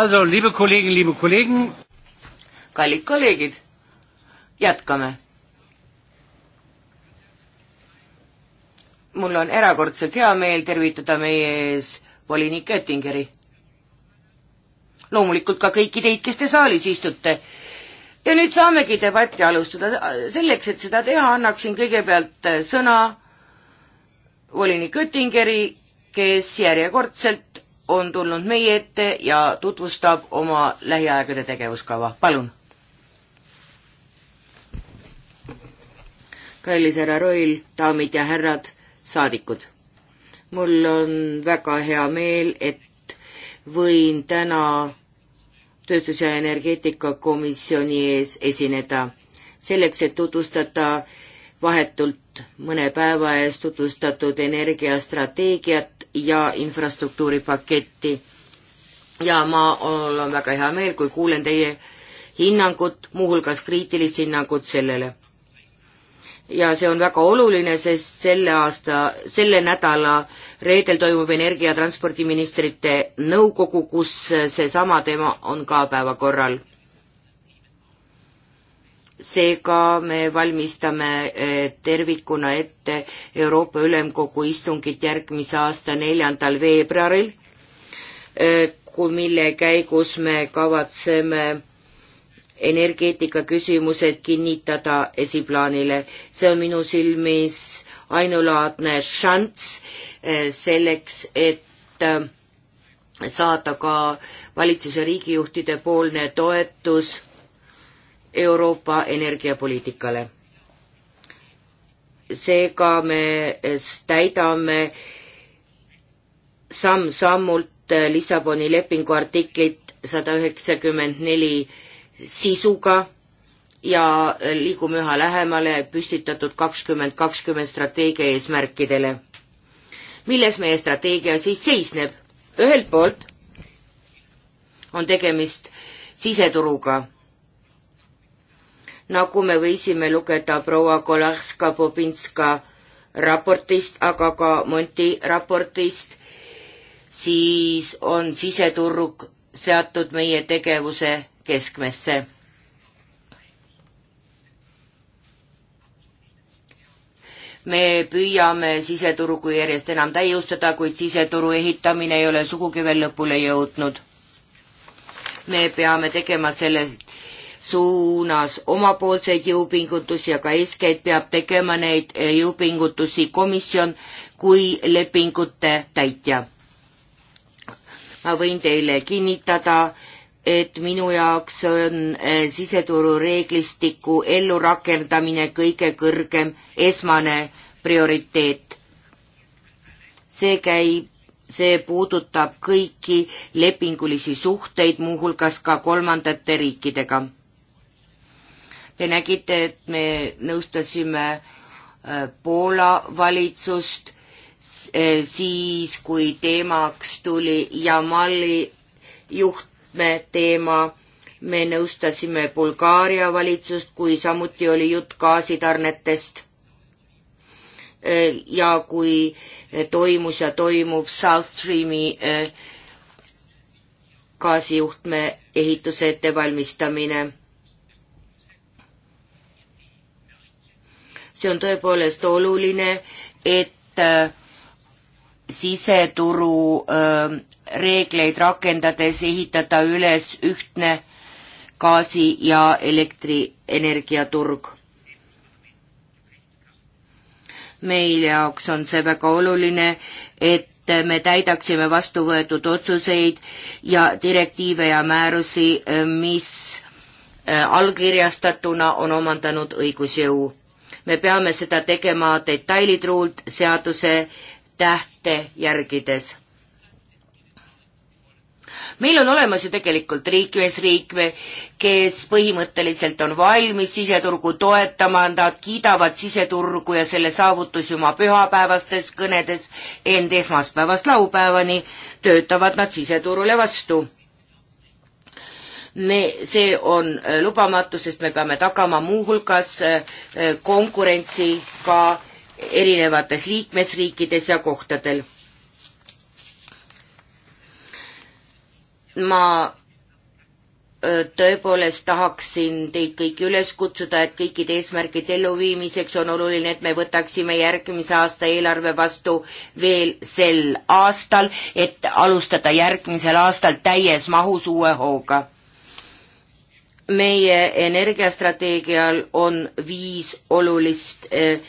Also, liebe Kollegen, liebe Kollegen. kallid kolleegid, jätkame. mul on erakordselt hea meel tervitada meie ees volinik Oettingeri. loomulikult ka kõiki teid, kes te saalis istute. ja nüüd saamegi debatti alustada. selleks, et seda teha, annaksin kõigepealt sõna volinik Oettingeri, kes järjekordselt on tulnud meie ette ja tutvustab oma lähiaegade tegevuskava, palun. kallis härra Roil, daamid ja härrad, saadikud, mul on väga hea meel, et võin täna tööstus- ja energeetikakomisjoni ees esineda, selleks et tutvustada vahetult just mõne päeva eest tutvustatud energiastrateegiat ja infrastruktuuripaketti. ja ma, mul on väga hea meel, kui kuulen teie hinnangut, muuhulgas kriitilist hinnangut sellele. ja see on väga oluline, sest selle aasta, selle nädala reedel toimub energia- ja transpordiministrite nõukogu, kus seesama teema on ka päevakorral seega me valmistame eh, tervikuna ette Euroopa Ülemkogu istungit järgmise aasta neljandal veebruaril, eh, kui, mille käigus me kavatseme energeetika küsimused kinnitada esiplaanile. see on minu silmis ainulaadne šanss eh, selleks, et saada ka valitsuse riigijuhtide poolne toetus Euroopa energiapoliitikale. seega me täidame samm-sammult Lissaboni lepingu artiklit sada üheksakümmend neli sisuga ja liigume üha lähemale püstitatud kakskümmend kakskümmend strateegia eesmärkidele. milles meie strateegia siis seisneb? ühelt poolt on tegemist siseturuga nagu me võisime lugeda proua Kolarska-Bobinska raportist, aga ka Monti raportist, siis on siseturg seatud meie tegevuse keskmesse. me püüame siseturgu järjest enam täiustada, kuid siseturu ehitamine ei ole sugugi veel lõpule jõudnud. me peame tegema selles suunas omapoolseid jõupingutusi, aga eeskätt peab tegema neid eh, jõupingutusi komisjon kui lepingute täitja. ma võin teile kinnitada, et minu jaoks on eh, siseturu reeglistiku ellurakendamine kõige kõrgem esmane prioriteet. see käib, see puudutab kõiki lepingulisi suhteid, muuhulgas ka kolmandate riikidega Te nägite, et me nõustasime äh, Poola valitsust äh, siis, kui teemaks tuli Jamali juhtme teema. me nõustasime Bulgaaria valitsust, kui samuti oli jutt gaasitarnetest. Äh, ja kui toimus ja toimub South Streami gaasijuhtme ehituse ettevalmistamine see on tõepoolest oluline, et äh, siseturu äh, reegleid rakendades ehitada üles ühtne gaasi- ja elektrienergiaturg. meil jaoks on see väga oluline, et me täidaksime vastu võetud otsuseid ja direktiive ja määrusi, mis äh, allkirjastatuna on omandanud õigusjõu me peame seda tegema detailitruult seaduse tähte järgides. meil on olemas ju tegelikult liikmesriik, kes põhimõtteliselt on valmis siseturgu toetama, nad kiidavad siseturgu ja selle saavutusi oma pühapäevastes kõnedes, ent esmaspäevast laupäevani töötavad nad siseturule vastu me, see on äh, lubamatu, sest me peame tagama muuhulgas äh, äh, konkurentsi ka erinevates liikmesriikides ja kohtadel. ma tõepoolest tahaksin teid kõiki üles kutsuda, et kõikide eesmärkide elluviimiseks on oluline, et me võtaksime järgmise aasta eelarve vastu veel sel aastal, et alustada järgmisel aastal täies mahus uue hooga meie energiastrateegial on viis olulist eh,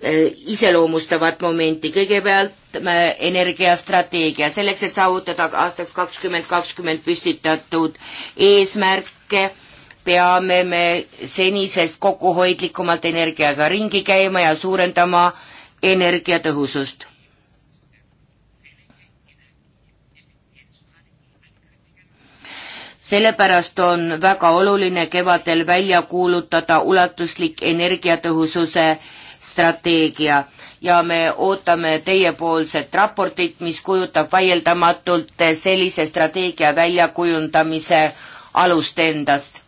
eh, iseloomustavat momenti. kõigepealt energiastrateegia, selleks et saavutada aastaks kakskümmend kakskümmend püstitatud eesmärke, peame me senisest kokkuhoidlikumalt energiaga ringi käima ja suurendama energiatõhusust sellepärast on väga oluline kevadel välja kuulutada ulatuslik energiatõhususe strateegia ja me ootame teiepoolset raportit, mis kujutab vaieldamatult sellise strateegia väljakujundamise alust endast.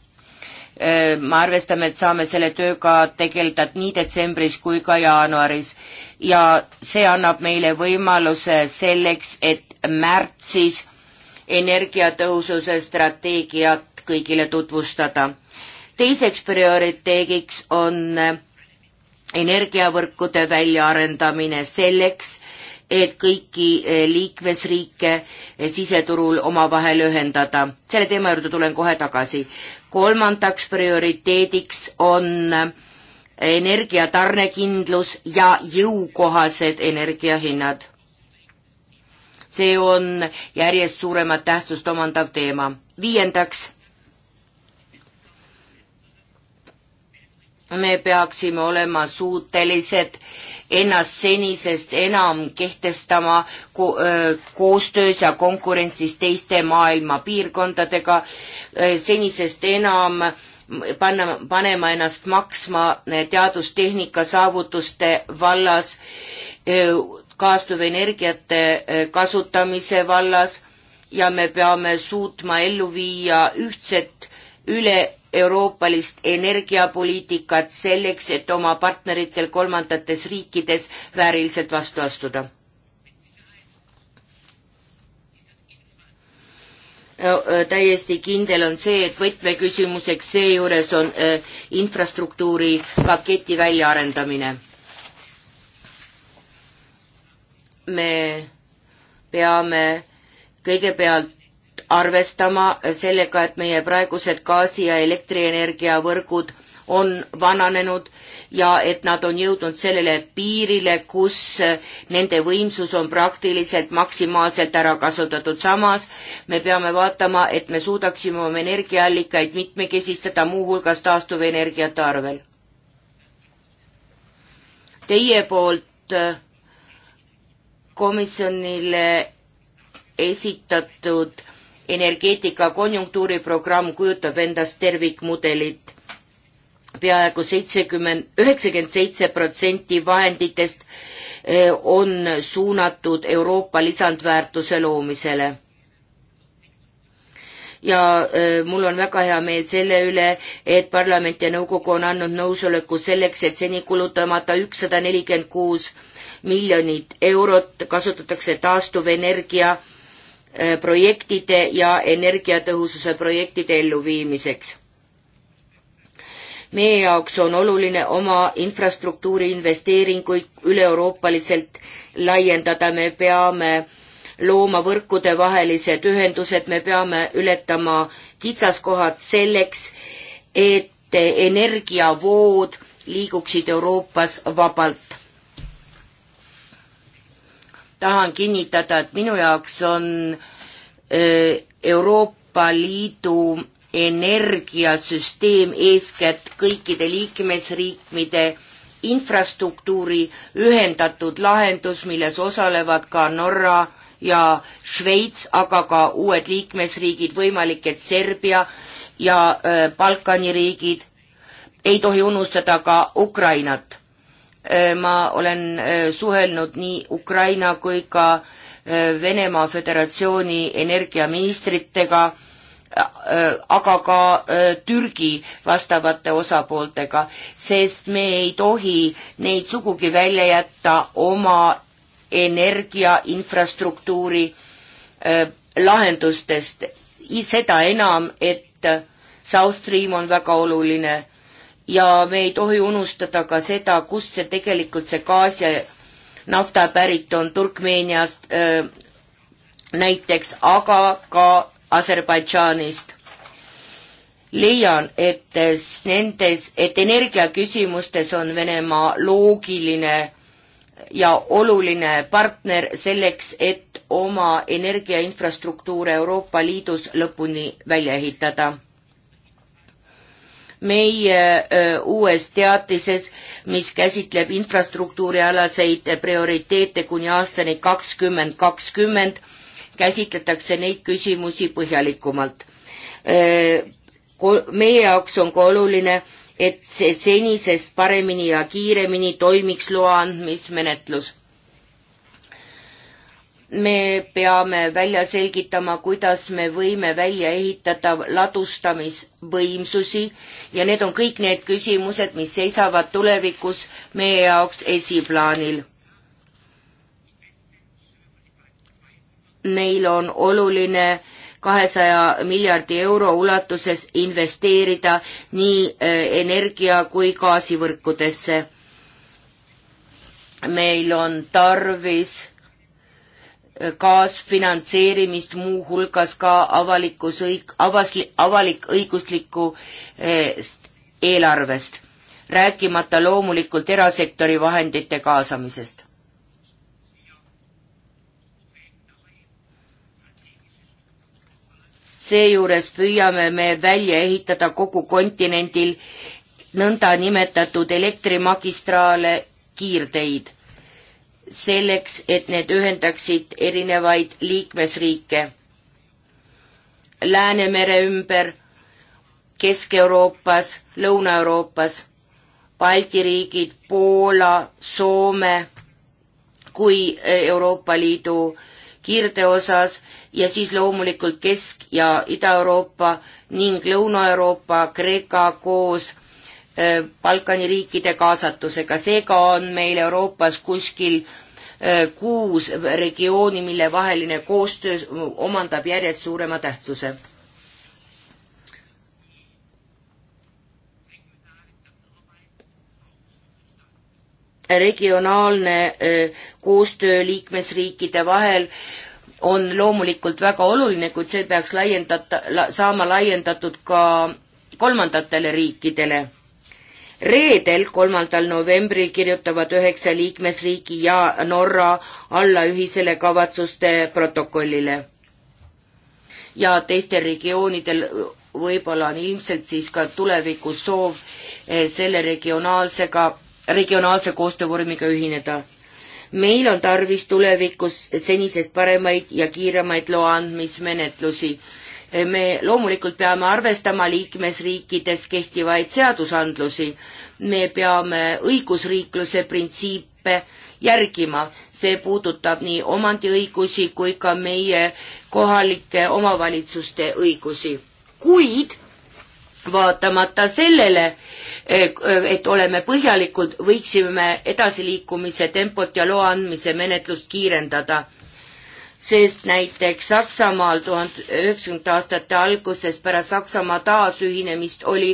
Äh, me arvestame, et saame selle tööga tegeleda nii detsembris kui ka jaanuaris ja see annab meile võimaluse selleks, et märtsis energiatõhususe strateegiat kõigile tutvustada. teiseks prioriteediks on energiavõrkude väljaarendamine selleks, et kõiki liikmesriike siseturul omavahel ühendada. selle teema juurde tulen kohe tagasi. kolmandaks prioriteediks on energiatarnekindlus ja jõukohased energiahinnad see on järjest suuremat tähtsust omandav teema. viiendaks, me peaksime olema suutelised ennast senisest enam kehtestama ko koostöös ja konkurentsis teiste maailma piirkondadega, senisest enam panna, panema ennast maksma teadustehnika saavutuste vallas kaastuvenergiate eh, kasutamise vallas ja me peame suutma ellu viia ühtset üle-euroopalist energiapoliitikat selleks, et oma partneritel kolmandates riikides vääriliselt vastu astuda. Eh, täiesti kindel on see, et võtmeküsimuseks seejuures on eh, infrastruktuuri paketi väljaarendamine me peame kõigepealt arvestama sellega, et meie praegused gaasi- ja elektrienergiavõrgud on vananenud ja et nad on jõudnud sellele piirile, kus nende võimsus on praktiliselt maksimaalselt ära kasutatud. samas me peame vaatama, et me suudaksime oma energiaallikaid mitmekesistada, muuhulgas taastuvenergiate arvel. Teie poolt komisjonile esitatud energeetika konjunktuuriprogramm kujutab endast tervikmudelit peaaegu seitsekümmend, üheksakümmend seitse protsenti vahenditest eh, on suunatud Euroopa lisandväärtuse loomisele. ja eh, mul on väga hea meel selle üle, et parlament ja nõukogu on andnud nõusoleku selleks, et seni kulutamata ükssada nelikümmend kuus miljonit eurot kasutatakse taastuvenergia äh, projektide ja energiatõhususe projektide elluviimiseks. meie jaoks on oluline oma infrastruktuuri investeeringuid üle-euroopaliselt laiendada, me peame looma võrkudevahelised ühendused, me peame ületama kitsaskohad selleks, et energiavood liiguksid Euroopas vabalt tahan kinnitada, et minu jaoks on Euroopa Liidu energiasüsteem eeskätt kõikide liikmesriikide infrastruktuuri ühendatud lahendus, milles osalevad ka Norra ja Šveits, aga ka uued liikmesriigid, võimalik, et Serbia ja Balkani riigid. ei tohi unustada ka Ukrainat. Äh, ma olen äh, suhelnud nii Ukraina kui ka äh, Venemaa Föderatsiooni energiaministritega, aga ka Türgi vastavate osapooltega, sest me ei tohi neid sugugi välja jätta oma energiainfrastruktuuri lahendustest, seda enam, et South Stream on väga oluline ja me ei tohi unustada ka seda, kust see tegelikult see gaas ja nafta pärit on Turkmeeniast äh, näiteks, aga ka Aserbaidžaanist. leian, et nendes, et energiaküsimustes on Venemaa loogiline ja oluline partner selleks, et oma energiainfrastruktuure Euroopa Liidus lõpuni välja ehitada meie uues teatises, mis käsitleb infrastruktuurialaseid prioriteete kuni aastani kakskümmend kakskümmend, käsitletakse neid küsimusi põhjalikumalt. meie jaoks on ka oluline, et see senisest paremini ja kiiremini toimiks loa andmismenetlus me peame välja selgitama, kuidas me võime välja ehitada ladustamisvõimsusi ja need on kõik need küsimused, mis seisavad tulevikus meie jaoks esiplaanil. meil on oluline kahesaja miljardi euro ulatuses investeerida nii eh, energia kui gaasivõrkudesse. meil on tarvis kaasfinantseerimist, muuhulgas ka avalikus õig-, avas-, avalik-õiguslikku eh, eelarvest, rääkimata loomulikult erasektori vahendite kaasamisest. seejuures püüame me välja ehitada kogu kontinendil nõndanimetatud elektrimagistraale kiirteid selleks, et need ühendaksid erinevaid liikmesriike Läänemere ümber, Kesk-Euroopas, Lõuna-Euroopas, Balti riigid, Poola, Soome kui eh, Euroopa Liidu kirdeosas ja siis loomulikult Kesk- ja Ida-Euroopa ning Lõuna-Euroopa, Kreeka koos Äh, Balkani riikide kaasatusega, seega on meil Euroopas kuskil äh, kuus regiooni, mille vaheline koostöö omandab järjest suurema tähtsuse. regionaalne äh, koostöö liikmesriikide vahel on loomulikult väga oluline, kuid see peaks laiendata la,, saama laiendatud ka kolmandatele riikidele reedel, kolmandal novembril kirjutavad üheksa liikmesriiki ja Norra alla ühisele kavatsuste protokollile. ja teistel regioonidel võib-olla on ilmselt siis ka tulevikus soov eh, selle regionaalsega, regionaalse koostöövormiga ühineda. meil on tarvis tulevikus senisest paremaid ja kiiremaid loa andmismenetlusi Eh, me loomulikult peame arvestama liikmesriikides kehtivaid seadusandlusi, me peame õigusriikluse printsiipe järgima, see puudutab nii omandiõigusi kui ka meie kohalike omavalitsuste õigusi, kuid vaatamata sellele, eh, eh, et oleme põhjalikud, võiksime edasiliikumise tempot ja loa andmise menetlust kiirendada sest näiteks Saksamaal tuhande üheksakümnendate aastate alguses pärast Saksamaa taasühinemist oli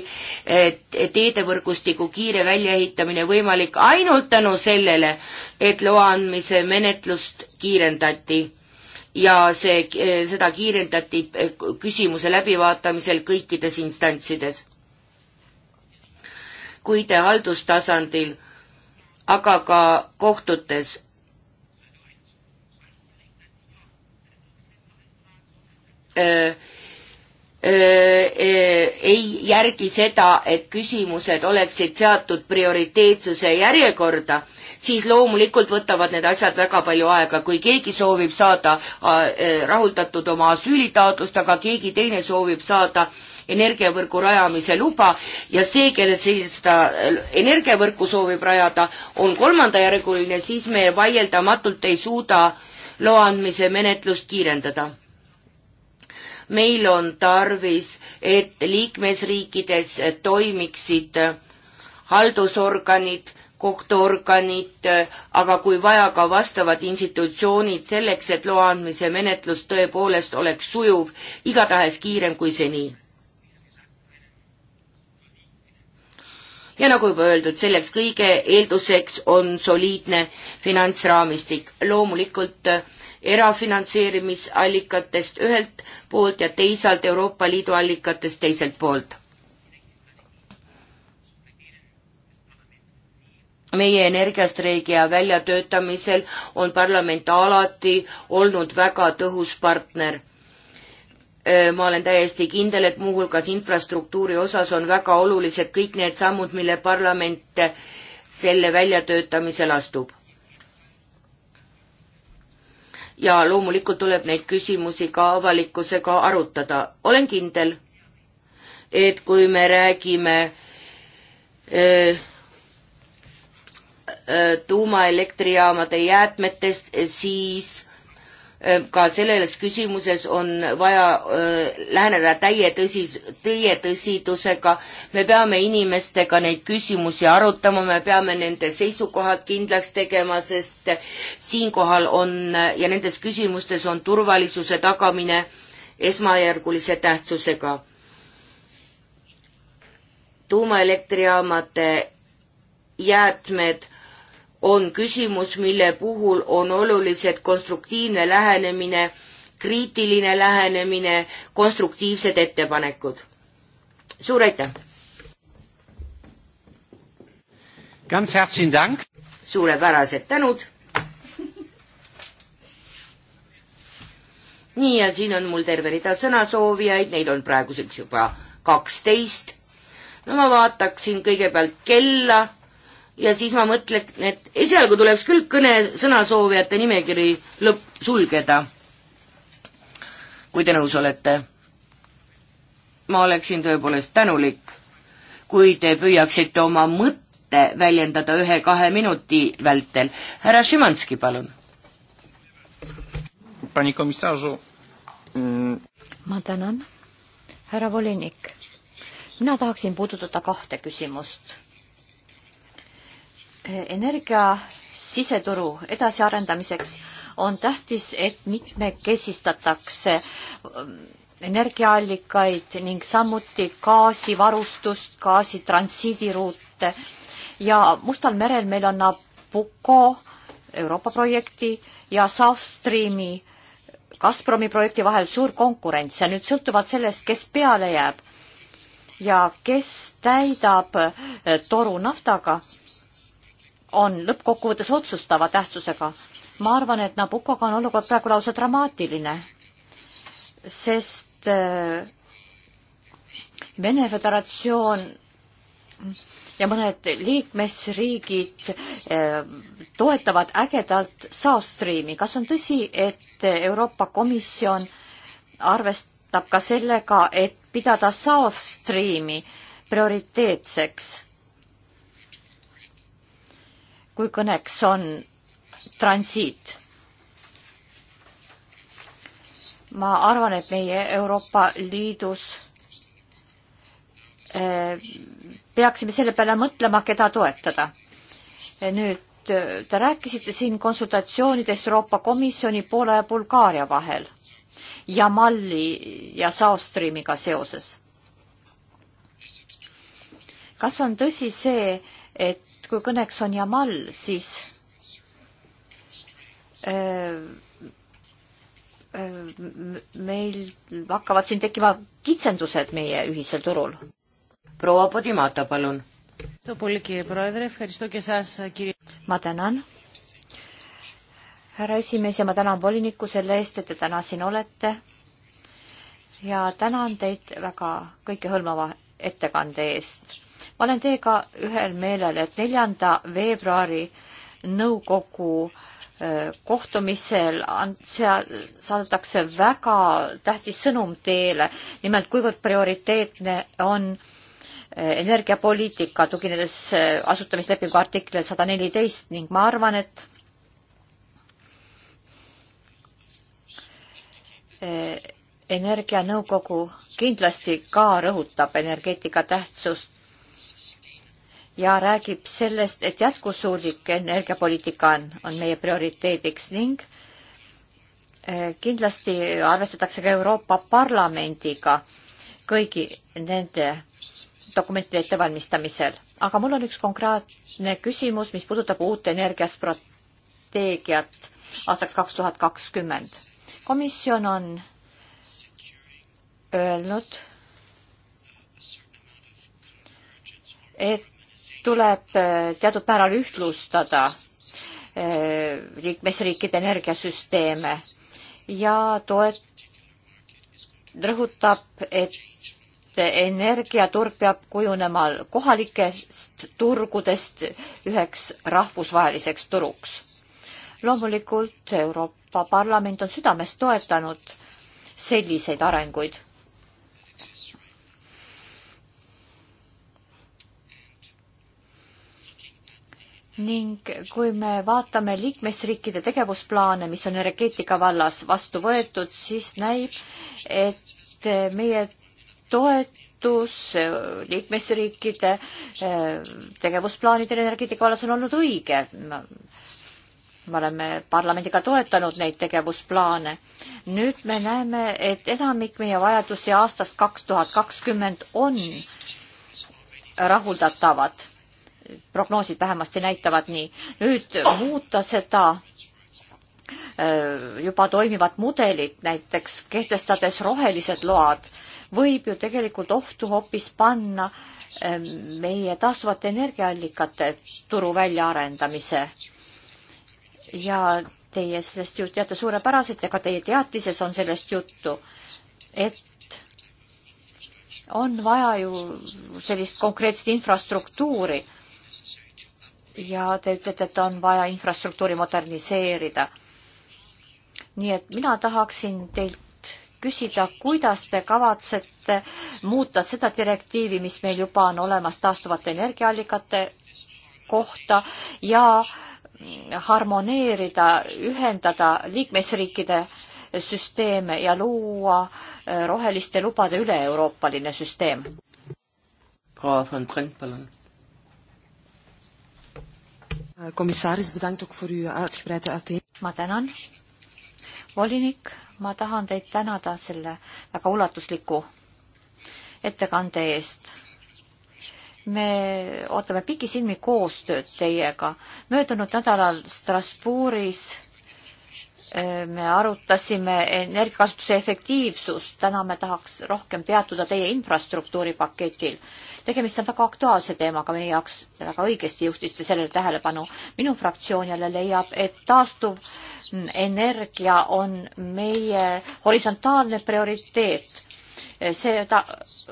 teedevõrgustiku kiire väljaehitamine võimalik ainult tänu sellele, et loa andmise menetlust kiirendati ja see, seda kiirendati küsimuse läbivaatamisel kõikides instantsides. kuid haldustasandil, aga ka kohtutes Äh, äh, äh, ei järgi seda, et küsimused oleksid seatud prioriteetsuse järjekorda, siis loomulikult võtavad need asjad väga palju aega, kui keegi soovib saada rahuldatud oma asüülitaotlust, aga keegi teine soovib saada energiavõrgu rajamise luba ja see, kellel seda energiavõrku soovib rajada, on kolmandajärguline, siis me vaieldamatult ei suuda loa andmise menetlust kiirendada meil on tarvis, et liikmesriikides toimiksid haldusorganid, kohtuorganid, aga kui vaja, ka vastavad institutsioonid selleks, et loa andmise menetlus tõepoolest oleks sujuv, igatahes kiirem kui seni. ja nagu juba öeldud, selleks kõige eelduseks on soliidne finantsraamistik. loomulikult äh, erafinantseerimisallikatest ühelt poolt ja teisalt Euroopa Liidu allikatest teiselt poolt. meie energiastreigia väljatöötamisel on parlament alati olnud väga tõhus partner ma olen täiesti kindel, et muuhulgas infrastruktuuri osas on väga olulised kõik need sammud, mille parlament selle väljatöötamisel astub ja loomulikult tuleb neid küsimusi ka avalikkusega arutada. olen kindel, et kui me räägime öö, eh, eh, tuumaelektrijaamade jäätmetest, eh, siis Äh, ka selles küsimuses on vaja äh, läheneda täie tõsis, täie tõsidusega, me peame inimestega neid küsimusi arutama, me peame nende seisukohad kindlaks tegema, sest siinkohal on äh, ja nendes küsimustes on turvalisuse tagamine esmajärgulise tähtsusega. tuumaelektrijaamade jäätmed on küsimus, mille puhul on olulised konstruktiivne lähenemine, kriitiline lähenemine, konstruktiivsed ettepanekud. suur aitäh! suurepärased tänud! nii, ja siin on mul terve rida sõnasoovijaid, neid on praeguseks juba kaksteist. no ma vaataksin kõigepealt kella ja siis ma mõtlen, et esialgu tuleks küll kõne sõnasoovijate nimekiri lõpp sulgeda, kui te nõus olete. ma oleksin tõepoolest tänulik, kui te püüaksite oma mõtte väljendada ühe-kahe minuti vältel. härra Šimanski, palun. Mm. ma tänan, härra volinik. mina tahaksin puudutada kahte küsimust energia siseturu edasiarendamiseks on tähtis, et mitmekesistatakse ähm, energiaallikaid ning samuti gaasivarustust, gaasi transiidiruute ja Mustal merel meil on Nabucco Euroopa projekti ja South Streami Gazpromi projekti vahel suur konkurents ja nüüd sõltuvalt sellest, kes peale jääb ja kes täidab äh, toru naftaga on lõppkokkuvõttes otsustava tähtsusega. ma arvan, et Nabukoga on olukord praegu lausa dramaatiline, sest äh, Vene Föderatsioon ja mõned liikmesriigid äh, toetavad ägedalt South Streami. kas on tõsi, et Euroopa Komisjon arvestab ka sellega, et pidada South Streami prioriteetseks? kui kõneks on transiit. ma arvan, et meie Euroopa Liidus eh, peaksime selle peale mõtlema, keda toetada. Eh, nüüd eh, te rääkisite siin konsultatsioonidest Euroopa Komisjoni, Poola ja Bulgaaria vahel ja Malli ja South Streamiga seoses. kas on tõsi see, et kui kõneks on Jamal, siis äh, äh, meil hakkavad siin tekkima kitsendused meie ühisel turul. proua Podimata, palun. ma tänan, härra esimees, ja ma tänan volinikku selle eest, et te täna siin olete. ja tänan teid väga kõikehõlmava ettekande eest ma olen teiega ühel meelel, et neljanda veebruari nõukogu äh, kohtumisel seal saadetakse väga tähtis sõnum teele, nimelt kuivõrd prioriteetne on äh, energiapoliitika, tuginedes äh, asutamislepingu artiklile sada neliteist ning ma arvan, et energianõukogu kindlasti ka rõhutab energeetika tähtsust ja räägib sellest, et jätkusuutlik energiapoliitika on, on meie prioriteediks ning eh, kindlasti arvestatakse ka Euroopa Parlamendiga kõigi nende dokumentide ettevalmistamisel. aga mul on üks konkreetne küsimus, mis puudutab uut energiastrateegiat aastaks kaks tuhat kakskümmend. komisjon on öelnud, et tuleb äh, teatud määral ühtlustada liikmesriikide äh, energiasüsteeme ja toet-, rõhutab, et energiaturg peab kujunema kohalikest turgudest üheks rahvusvaheliseks turuks. loomulikult Euroopa Parlament on südames toetanud selliseid arenguid ning kui me vaatame liikmesriikide tegevusplaane, mis on energeetika vallas vastu võetud, siis näib, et meie toetus eh, liikmesriikide eh, tegevusplaanidel energeetika vallas on olnud õige. me oleme parlamendiga toetanud neid tegevusplaane. nüüd me näeme, et enamik meie vajadusi aastast kaks tuhat kakskümmend on rahuldatavad prognoosid vähemasti näitavad nii. nüüd muuta seda äh, juba toimivat mudelit, näiteks kehtestades rohelised load, võib ju tegelikult ohtu hoopis panna äh, meie taastuvate energiaallikate turu väljaarendamise. ja teie sellest ju teate suurepäraselt ja ka teie teatises on sellest juttu, et on vaja ju sellist konkreetset infrastruktuuri ja te ütlete, et on vaja infrastruktuuri moderniseerida. nii et mina tahaksin teilt küsida, kuidas te kavatsete muuta seda direktiivi, mis meil juba on olemas taastuvate energiaallikate kohta ja harmoneerida, ühendada liikmesriikide süsteeme ja luua äh, roheliste lubade üle-euroopaline süsteem. proua von Brent, palun komissaris, eh, bedankt ook voor uw uitgebreide uiteen-. ma tänan, volinik, ma tahan teid tänada selle väga ulatusliku ettekande eest. me ootame pikisilmi koostööd teiega. möödunud nädalal Strasbourgis eh, me arutasime energiakasutuse efektiivsust, täna me tahaks rohkem peatuda teie infrastruktuuripaketil tegemist on väga aktuaalse teemaga meie jaoks ja väga õigesti juhtisite sellele tähelepanu. minu fraktsioon jälle leiab, et taastuv energia on meie horisontaalne prioriteet. seda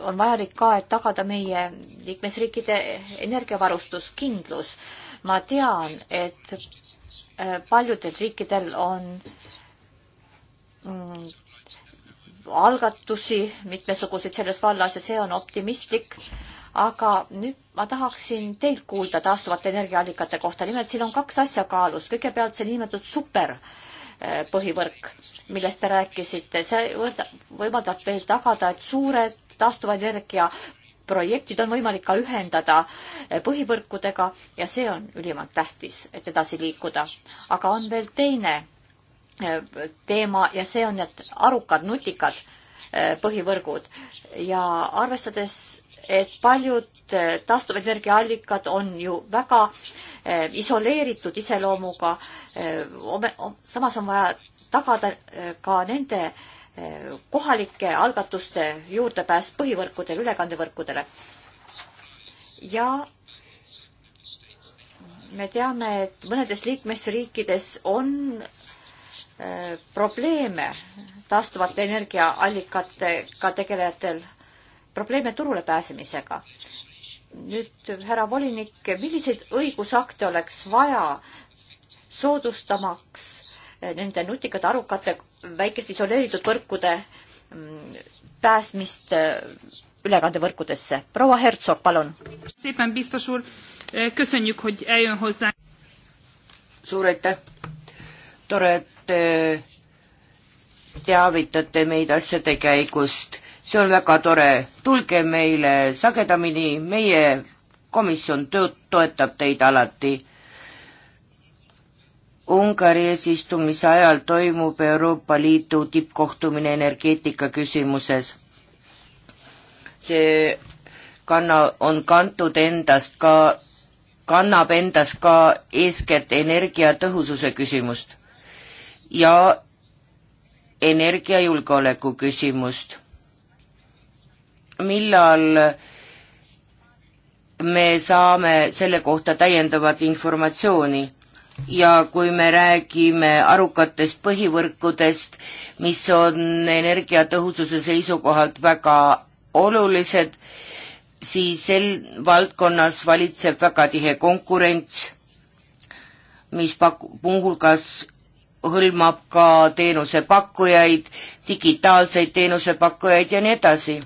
on vajalik ka, et tagada meie liikmesriikide energiavarustuskindlus. ma tean, et äh, paljudel riikidel on mm, algatusi mitmesuguseid selles vallas ja see on optimistlik, aga nüüd ma tahaksin teilt kuulda taastuvate energiaallikate kohta. nimelt siin on kaks asja kaalus. kõigepealt see niinimetatud super eh, põhivõrk, millest te rääkisite, see võimaldab meil tagada, et suured taastuvenergia projektid on võimalik ka ühendada eh, põhivõrkudega ja see on ülimalt tähtis, et edasi liikuda. aga on veel teine eh, teema ja see on need arukad, nutikad põhivõrgud ja arvestades et paljud eh, taastuvenergiaallikad on ju väga eh, isoleeritud iseloomuga. Eh, samas on vaja tagada ka nende kohalike algatuste juurdepääs põhivõrkudele, ülekandevõrkudele. ja me teame, et mõnedes liikmesriikides on probleeme taastuvate energiaallikatega tegelejatel probleeme turule pääsemisega. nüüd härra volinik, milliseid õigusakte oleks vaja soodustamaks nende nutikate, arukate, väikeste isoleeritud võrkude mm, pääsmist äh, ülekandevõrkudesse. proua Hertsog, palun. suur aitäh. tore, et te teavitate meid asjade käigust see on väga tore, tulge meile sagedamini, meie komisjon tööd toetab teid alati. Ungari eesistumise ajal toimub Euroopa Liidu tippkohtumine energeetika küsimuses. see kanna, on kantud endast ka, kannab endas ka eeskätt energiatõhususe küsimust ja energiajulgeoleku küsimust millal me saame selle kohta täiendavat informatsiooni ja kui me räägime arukatest põhivõrkudest, mis on energiatõhususe seisukohalt väga olulised, siis sel valdkonnas valitseb väga tihe konkurents, mis pakub, muuhulgas hõlmab ka teenusepakkujaid, digitaalseid teenusepakkujaid ja nii edasi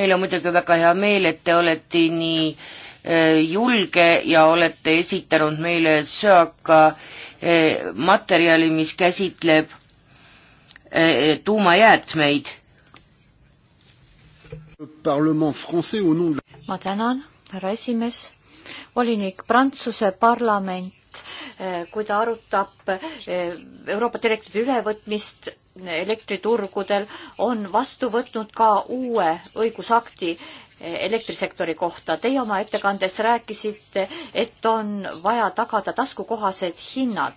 meil on muidugi väga hea meel, et te olete nii äh, julge ja olete esitanud meile söaka äh, materjali, mis käsitleb äh, tuumajäätmeid. ma tänan, härra esimees, volinik Prantsuse parlament, kui ta arutab Euroopa direktiivi ülevõtmist, elektriturgudel on vastu võtnud ka uue õigusakti elektrisektori kohta. Teie oma ettekandes rääkisite, et on vaja tagada taskukohased hinnad.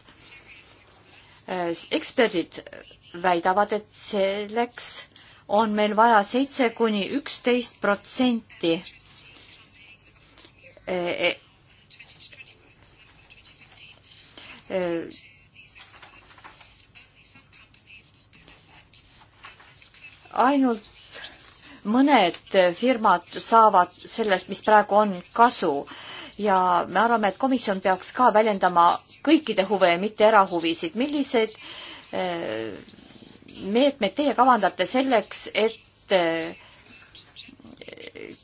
eksperdid väidavad, et selleks on meil vaja seitse kuni üksteist protsenti eh, eh, ainult mõned firmad saavad sellest, mis praegu on, kasu ja me arvame, et komisjon peaks ka väljendama kõikide huve ja mitte erahuvisid. millised eh, meetmed teie kavandate selleks, et eh,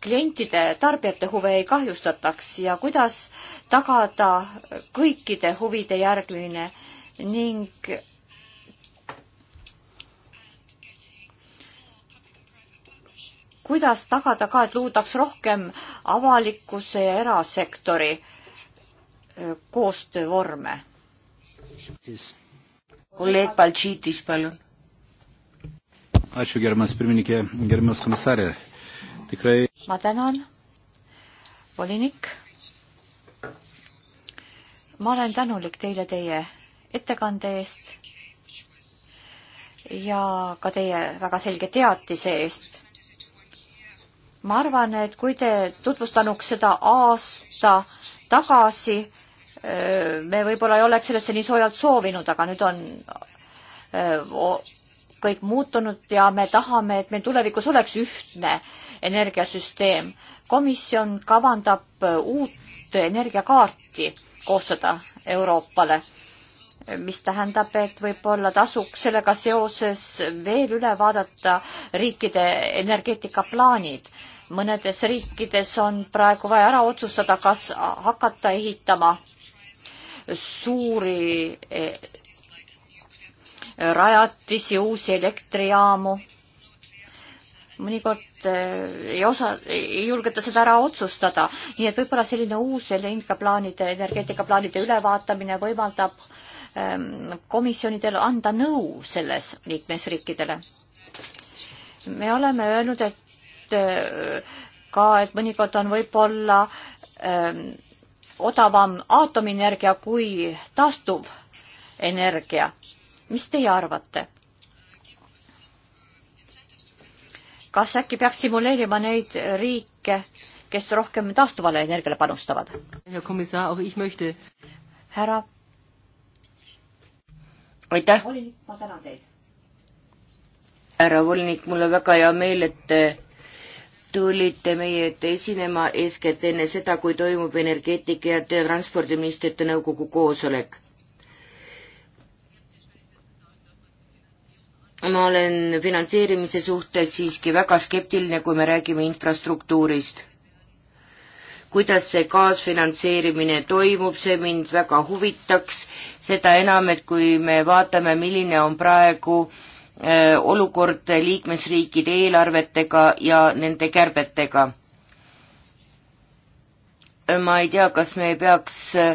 klientide, tarbijate huve ei kahjustataks ja kuidas tagada kõikide huvide järgmine ning kuidas tagada ka, et luudaks rohkem avalikkuse ja erasektori koostöövorme? kolleeg Baltšiitis, palun. ma tänan, volinik. ma olen tänulik teile teie ettekande eest ja ka teie väga selge teatise eest ma arvan, et kui te tutvustanuks seda aasta tagasi, me võib-olla ei oleks sellesse nii soojalt soovinud, aga nüüd on kõik muutunud ja me tahame, et meil tulevikus oleks ühtne energiasüsteem. komisjon kavandab uut energiakaarti koostada Euroopale mis tähendab, et võib-olla tasuks sellega seoses veel üle vaadata riikide energeetikaplaanid. mõnedes riikides on praegu vaja ära otsustada, kas hakata ehitama suuri eh, rajatisi, uusi elektrijaamu. mõnikord eh, ei osa, ei julgeta seda ära otsustada, nii et võib-olla selline uus energiaplaanide, energeetikaplaanide ülevaatamine võimaldab äh, Ähm, komisjonidel anda nõu selles liikmesriikidele. me oleme öelnud, et äh, ka, et mõnikord on võib-olla öö, ähm, odavam aatomienergia kui taastuv energia. mis teie arvate? kas äkki peaks stimuleerima neid riike, kes rohkem taastuvale energiale panustavad? härra aitäh! volinik, ma tänan teid! härra volinik, mul on väga hea meel, et te tulite meie ette esinema eeskätt enne seda, kui toimub energeetika ja transpordiministrite nõukogu koosolek. ma olen finantseerimise suhtes siiski väga skeptiline, kui me räägime infrastruktuurist kuidas see kaasfinantseerimine toimub, see mind väga huvitaks, seda enam, et kui me vaatame, milline on praegu äh, olukord liikmesriikide eelarvetega ja nende kärbetega. ma ei tea, kas me peaks äh,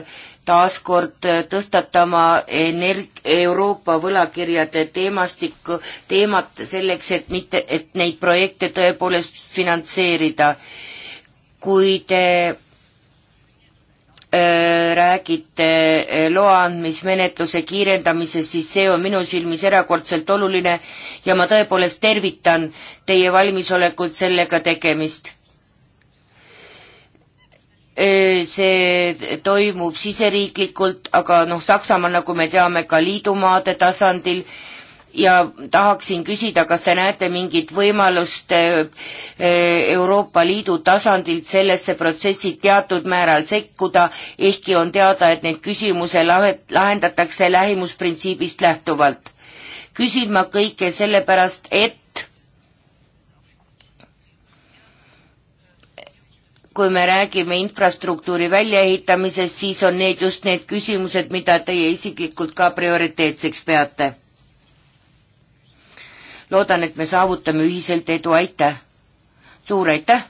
taaskord äh, tõstatama energ-, Euroopa võlakirjade teemastikku, teemat selleks, et mitte, et neid projekte tõepoolest finantseerida kui te äh, räägite äh, loa andmismenetluse kiirendamisest, siis see on minu silmis erakordselt oluline ja ma tõepoolest tervitan teie valmisolekut sellega tegemist. Äh, see toimub siseriiklikult, aga noh, Saksamaal, nagu me teame, ka liidumaade tasandil ja tahaksin küsida, kas te näete mingit võimalust eh, eh, Euroopa Liidu tasandilt sellesse protsessi teatud määral sekkuda, ehkki on teada, et neid küsimuse lahendatakse lähimusprintsiibist lähtuvalt. küsin ma kõike sellepärast, et kui me räägime infrastruktuuri väljaehitamisest, siis on need just need küsimused, mida teie isiklikult ka prioriteetseks peate loodan, et me saavutame ühiselt edu, aitäh! suur aitäh!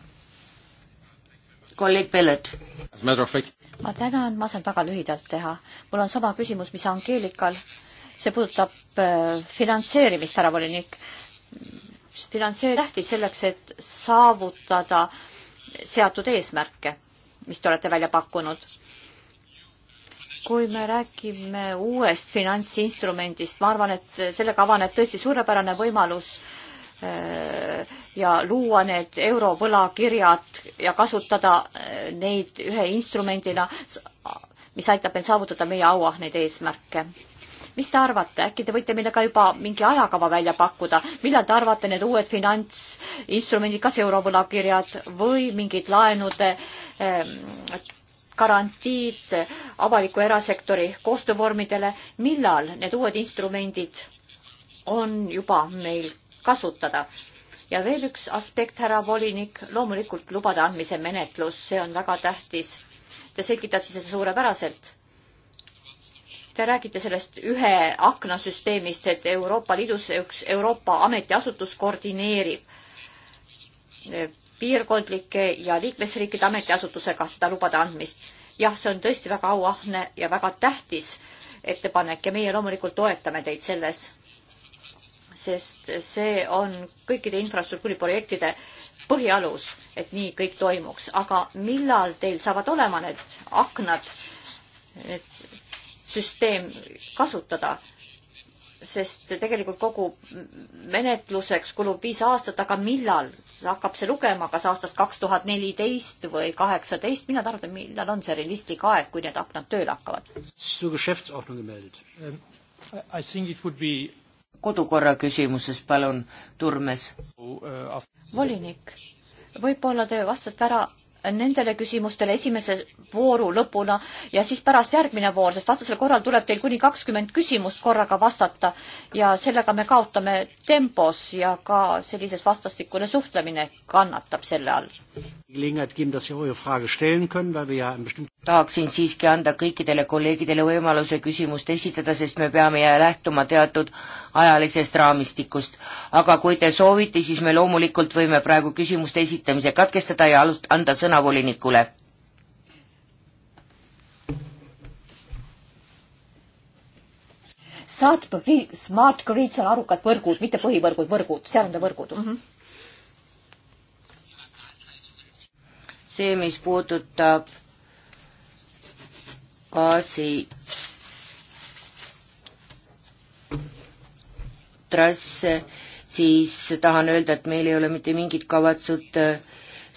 kolleeg Pellet. ma tänan, ma saan väga lühidalt teha. mul on sama küsimus, mis Angeelikal. see puudutab äh, finantseerimist, härra volinik. finantseerimine on tähtis selleks, et saavutada seatud eesmärke, mis te olete välja pakkunud kui me räägime uuest finantsinstrumendist, ma arvan, et sellega avaneb tõesti suurepärane võimalus äh, ja luua need eurovõlakirjad ja kasutada äh, neid ühe instrumendina, mis aitab meil saavutada meie auahneid eesmärke. mis te arvate, äkki te võite meile ka juba mingi ajakava välja pakkuda, millal te arvate, need uued finantsinstrumendid, kas eurovõlakirjad või mingid laenude ähm, garantiid avaliku erasektori koostöövormidele, millal need uued instrumendid on juba meil kasutada. ja veel üks aspekt, härra volinik, loomulikult lubade andmise menetlus, see on väga tähtis. Te selgitasite seda suurepäraselt. Te räägite sellest ühe akna süsteemist, et Euroopa Liidus üks Euroopa ametiasutus koordineerib piirkondlike ja liikmesriikide ametiasutusega seda lubade andmist. jah, see on tõesti väga auahne ja väga tähtis ettepanek ja meie loomulikult toetame teid selles, sest see on kõikide infrastruktuuriprojektide põhialus, et nii kõik toimuks, aga millal teil saavad olema need aknad, et süsteem kasutada sest tegelikult kogu menetluseks kulub viis aastat, aga millal hakkab see lugema, kas aastast kaks tuhat neliteist või kaheksateist, mina tahan teada, millal on see realistlik aeg, kui need aknad tööle hakkavad? Ähm, kodukorra küsimuses palun, Turmes. Oh, äh, volinik, võib-olla te vastate ära nendele küsimustele esimese vooru lõpuna ja siis pärast järgmine voor, sest vastasel korral tuleb teil kuni kakskümmend küsimust korraga vastata ja sellega me kaotame tempos ja ka sellises vastastikune suhtlemine kannatab selle all tahaksin siiski anda kõikidele kolleegidele võimaluse küsimust esitada, sest me peame lähtuma teatud ajalisest raamistikust. aga kui te soovite, siis me loomulikult võime praegu küsimuste esitamise katkestada ja alust-, anda sõna volinikule smart grid, smart grids on arukad võrgud, mitte põhivõrgud, võrgud, seal on ta võrgud mm. -hmm. see, mis puudutab gaasi trasse, siis tahan öelda, et meil ei ole mitte mingit kavatsut äh,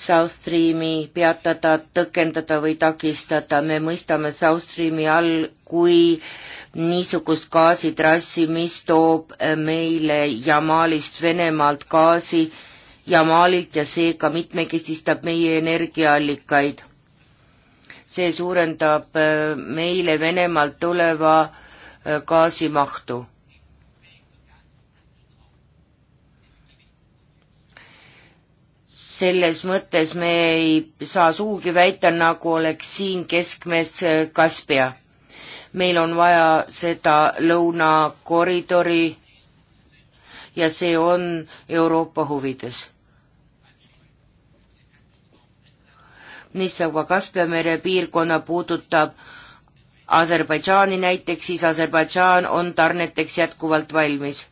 South Streami peatada, tõkendada või takistada, me mõistame South Streami all kui niisugust gaasitrassi, mis toob äh, meile Jamalist Venemaalt gaasi äh, ja maalilt ja seega mitmekesistab meie energiaallikaid. see suurendab äh, meile Venemaalt tuleva äh, gaasimahtu. selles mõttes me ei saa sugugi väita, nagu oleks siin keskmes äh, Kaspia. meil on vaja seda lõunakoridori ja see on Euroopa huvides mis aga Kaspia mere piirkonna puudutab Aserbaidžaani näiteks, siis Aserbaidžaan on tarneteks jätkuvalt valmis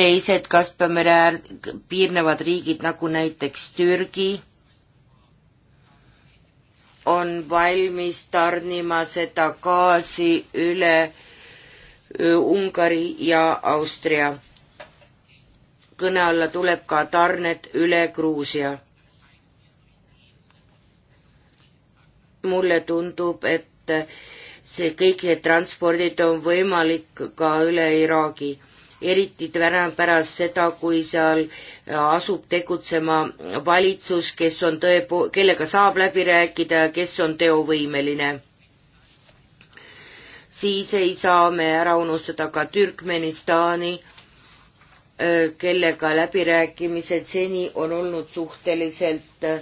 teised Kaspia mere äär-, piirnevad riigid, nagu näiteks Türgi, on valmis tarnima seda gaasi üle Ungari ja Austria kõne alla tuleb ka tarned üle Gruusia. mulle tundub, et see, kõik need transpordid on võimalik ka üle Iraagi, eriti pärast seda, kui seal asub tegutsema valitsus, kes on tõepo-, kellega saab läbi rääkida ja kes on teovõimeline siis ei saa me ära unustada ka Türkmenistani Äh, kellega läbirääkimised seni on olnud suhteliselt äh,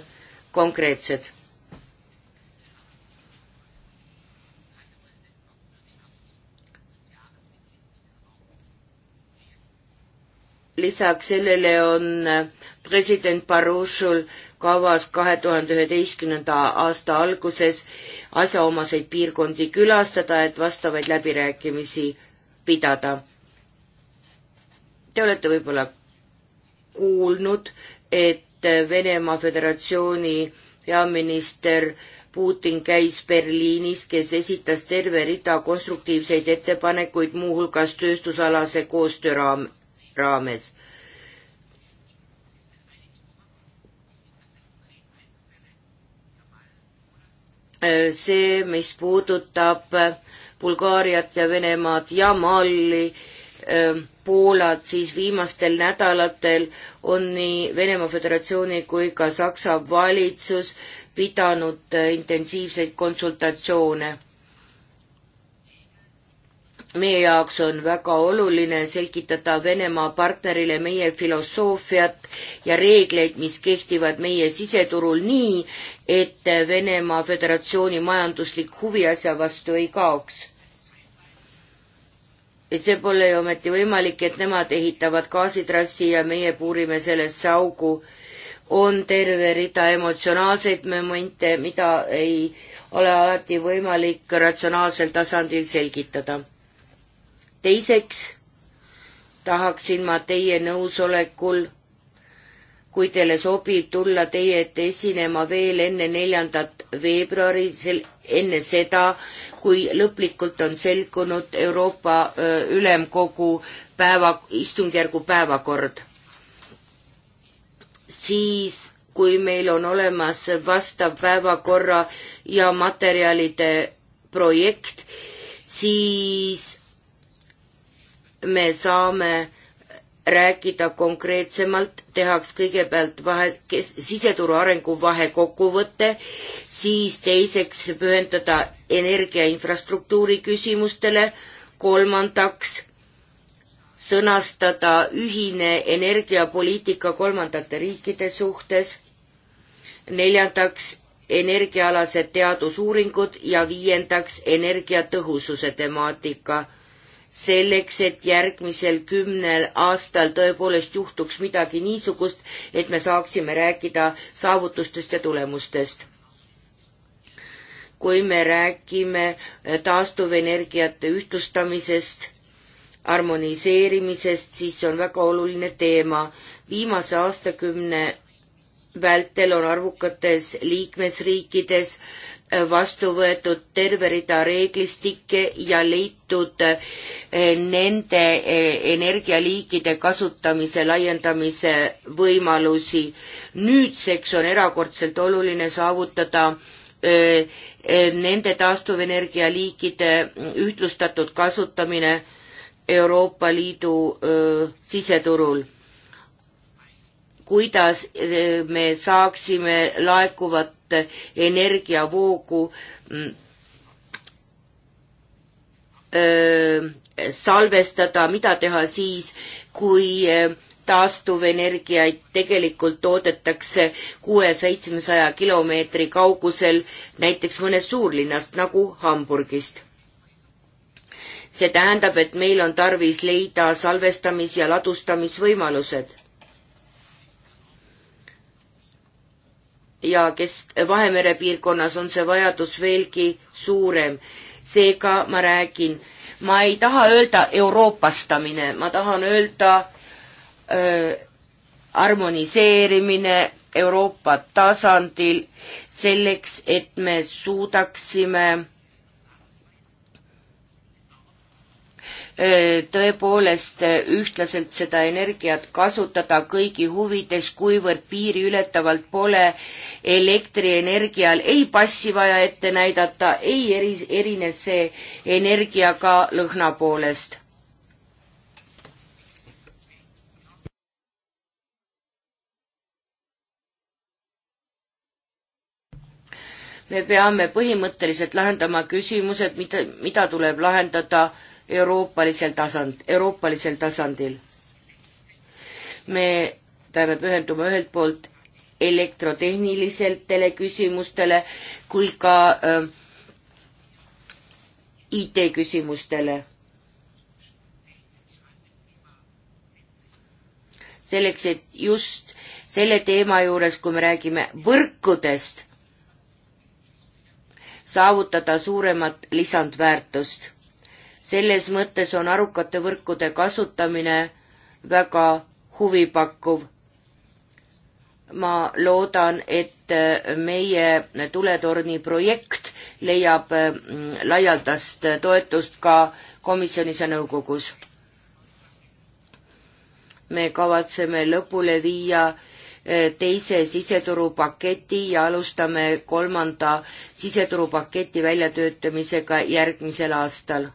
konkreetsed. lisaks sellele on äh, president Barushul kavas kahe tuhande üheteistkümnenda aasta alguses asjaomaseid piirkondi külastada, et vastavaid läbirääkimisi pidada Te olete võib-olla kuulnud, et Venemaa Föderatsiooni peaminister Putin käis Berliinis, kes esitas terve rida konstruktiivseid ettepanekuid, muuhulgas tööstusalase koostöö raam, raames. see, mis puudutab Bulgaariat ja Venemaad ja Malli, Ähm, Poolat, siis viimastel nädalatel on nii Venemaa Föderatsiooni kui ka Saksa valitsus pidanud äh, intensiivseid konsultatsioone. meie jaoks on väga oluline selgitada Venemaa partnerile meie filosoofiat ja reegleid, mis kehtivad meie siseturul nii, et Venemaa Föderatsiooni majanduslik huvi asja vastu ei kaoks see pole ju ometi võimalik, et nemad ehitavad gaasitrassi ja meie puurime sellesse augu. on terve rida emotsionaalseid momente, mida ei ole alati võimalik ratsionaalsel tasandil selgitada. teiseks tahaksin ma teie nõusolekul kui teile sobib tulla teie ette esinema veel enne neljandat veebruari, enne seda, kui lõplikult on selgunud Euroopa Ülemkogu päeva, istungjärgu päevakord. siis, kui meil on olemas vastav päevakorra ja materjalide projekt, siis me saame rääkida konkreetsemalt, tehaks kõigepealt vahe, kes, siseturu arengu vahekokkuvõte, siis teiseks pühendada energiainfrastruktuuri küsimustele, kolmandaks sõnastada ühine energiapoliitika kolmandate riikide suhtes, neljandaks energiaalased teadusuuringud ja viiendaks energiatõhususe temaatika selleks, et järgmisel kümnel aastal tõepoolest juhtuks midagi niisugust, et me saaksime rääkida saavutustest ja tulemustest. kui me räägime taastuvenergiate ühtlustamisest, harmoniseerimisest, siis see on väga oluline teema. viimase aastakümne vältel on arvukates liikmesriikides äh, vastu võetud terve rida reeglistikke ja leitud äh, nende äh, energialiikide kasutamise laiendamise võimalusi. nüüdseks on erakordselt oluline saavutada nende taastuvenergialiikide ühtlustatud kasutamine Euroopa Liidu siseturul kuidas eh, me saaksime laekuvat energiavoogu mm, eh, salvestada, mida teha siis, kui eh, taastuvenergiaid tegelikult toodetakse kuue-seitsmesaja kilomeetri kaugusel näiteks mõnest suurlinnast nagu Hamburgist. see tähendab, et meil on tarvis leida salvestamis- ja ladustamisvõimalused ja Kesk-, Vahemere piirkonnas on see vajadus veelgi suurem. seega ma räägin, ma ei taha öelda euroopastamine, ma tahan öelda öö, harmoniseerimine Euroopa tasandil selleks, et me suudaksime Äh, tõepoolest äh, ühtlaselt seda energiat kasutada kõigi huvides, kuivõrd piiri ületavalt pole elektrienergial ei passi vaja ette näidata, ei eri, erine see energia ka lõhna poolest. me peame põhimõtteliselt lahendama küsimused, mida, mida tuleb lahendada äh, euroopalisel tasand, euroopalisel tasandil. me peame pühenduma ühelt poolt elektrotehniliseltele küsimustele kui ka äh, IT-küsimustele. selleks, et just selle teema juures, kui me räägime võrkudest, saavutada suuremat lisandväärtust selles mõttes on arukate võrkude kasutamine väga huvipakkuv. ma loodan, et meie tuletorni projekt leiab mm, laialdast toetust ka komisjonis ja nõukogus. me kavatseme lõpule viia eh, teise siseturupaketi ja alustame kolmanda siseturupaketi väljatöötamisega järgmisel aastal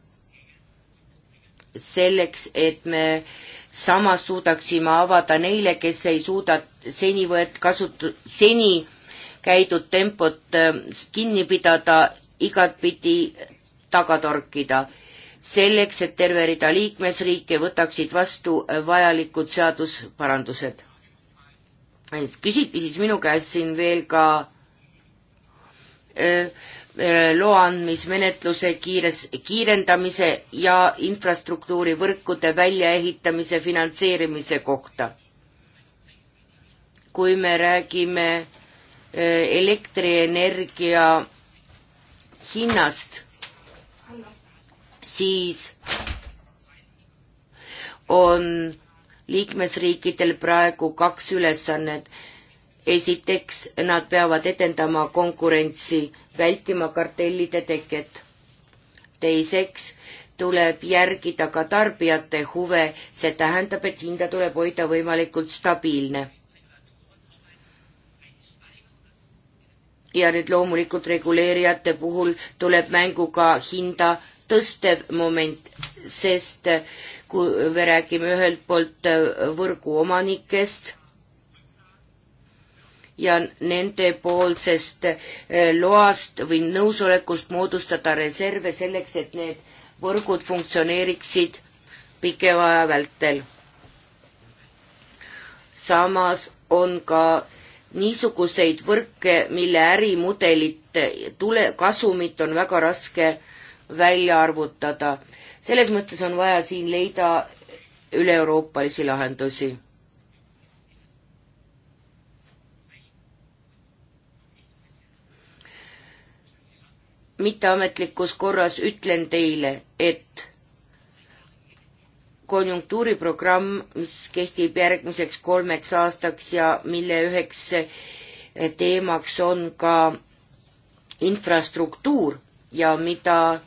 selleks, et me samas suudaksime avada neile, kes ei suuda seni võet-, kasutu-, seni käidud tempot äh, kinni pidada, igatpidi taga torkida. selleks, et terve rida liikmesriike võtaksid vastu äh, vajalikud seadusparandused. küsiti siis minu käest siin veel ka öö, äh, Äh, loa andmismenetluse kiires, kiirendamise ja infrastruktuurivõrkude väljaehitamise finantseerimise kohta. kui me räägime äh, elektrienergia hinnast, siis on liikmesriikidel praegu kaks ülesannet esiteks, nad peavad edendama konkurentsi, vältima kartellide teket. teiseks tuleb järgida ka tarbijate huve, see tähendab, et hinda tuleb hoida võimalikult stabiilne. ja nüüd loomulikult reguleerijate puhul tuleb mängu ka hinda tõstev moment, sest kui me räägime ühelt poolt võrguomanikest, ja nendepoolsest eh, loast või nõusolekust moodustada reserve selleks, et need võrgud funktsioneeriksid pikema aja vältel. samas on ka niisuguseid võrke, mille ärimudelit, eh, tule, kasumit on väga raske välja arvutada. selles mõttes on vaja siin leida üle-euroopalisi lahendusi mitteametlikus korras ütlen teile, et konjunktuuriprogramm, mis kehtib järgmiseks kolmeks aastaks ja mille üheks eh, teemaks on ka infrastruktuur ja mida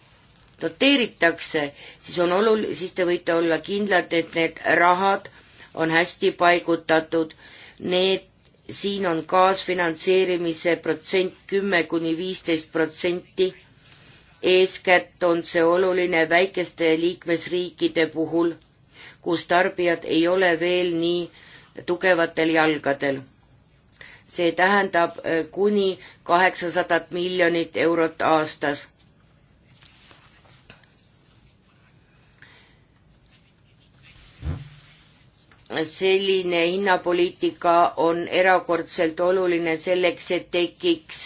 doteeritakse, siis on olul-, siis te võite olla kindlad, et need rahad on hästi paigutatud, need siin on kaasfinantseerimise protsent kümme kuni viisteist protsenti. eeskätt on see oluline väikeste liikmesriikide puhul, kus tarbijad ei ole veel nii tugevatel jalgadel. see tähendab eh, kuni kaheksasadat miljonit eurot aastas selline hinnapoliitika on erakordselt oluline selleks, et tekiks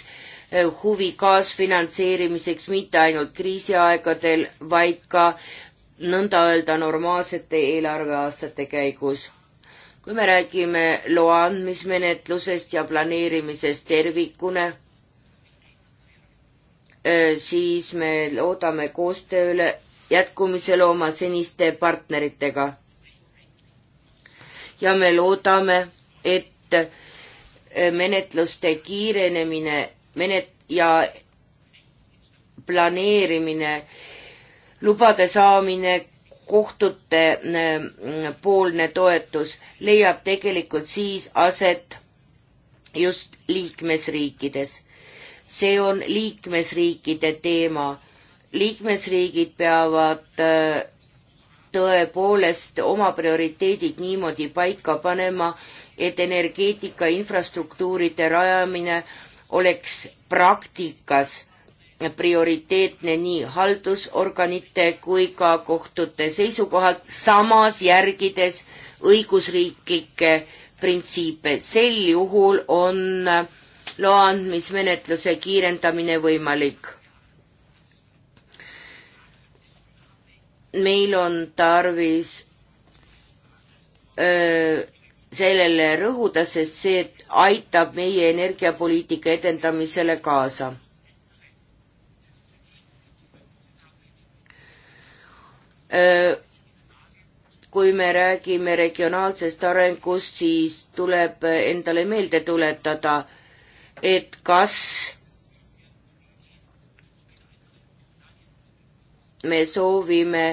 eh, huvi kaasfinantseerimiseks mitte ainult kriisiaegadel, vaid ka nõnda öelda normaalsete eelarveaastate käigus. kui me räägime loa andmismenetlusest ja planeerimisest tervikuna, eh, siis me loodame koostööle jätkumisele oma seniste partneritega ja me loodame, et eh, menetluste kiirenemine menet- ja planeerimine, lubade saamine, kohtute eh, poolne toetus leiab tegelikult siis aset just liikmesriikides. see on liikmesriikide teema. liikmesriigid peavad eh, tõepoolest oma prioriteedid niimoodi paika panema, et energeetika infrastruktuuride rajamine oleks praktikas prioriteetne nii haldusorganite kui ka kohtute seisukohalt, samas järgides õigusriiklikke printsiipe. sel juhul on loa andmismenetluse kiirendamine võimalik meil on tarvis öö, sellele rõhuda, sest see aitab meie energiapoliitika edendamisele kaasa. kui me räägime regionaalsest arengust, siis tuleb endale meelde tuletada, et kas me soovime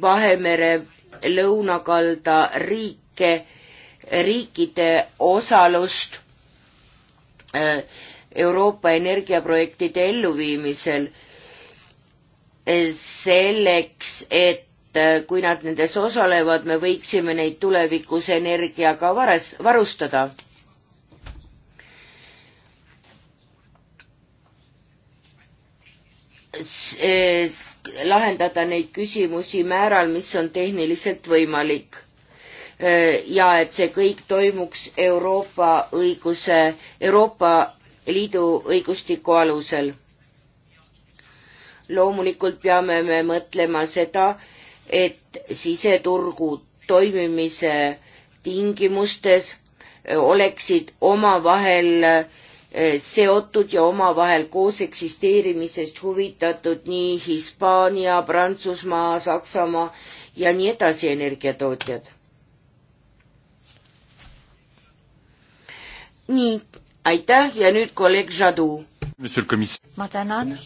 Vahemere lõunakalda riike, riikide osalust äh, Euroopa energiaprojektide elluviimisel selleks, et äh, kui nad nendes osalevad, me võiksime neid tulevikus energiaga varas, varustada. Äh, lahendada neid küsimusi määral, mis on tehniliselt võimalik. Äh, ja et see kõik toimuks Euroopa õiguse, Euroopa Liidu õigustiku alusel. loomulikult peame me mõtlema seda, et siseturgu toimimise tingimustes oleksid omavahel äh, Eh, seotud ja omavahel koos eksisteerimisest huvitatud nii Hispaania, Prantsusmaa, Saksamaa ja nii edasi energiatootjad. nii, aitäh ja nüüd kolleeg Jadu. ma tänan,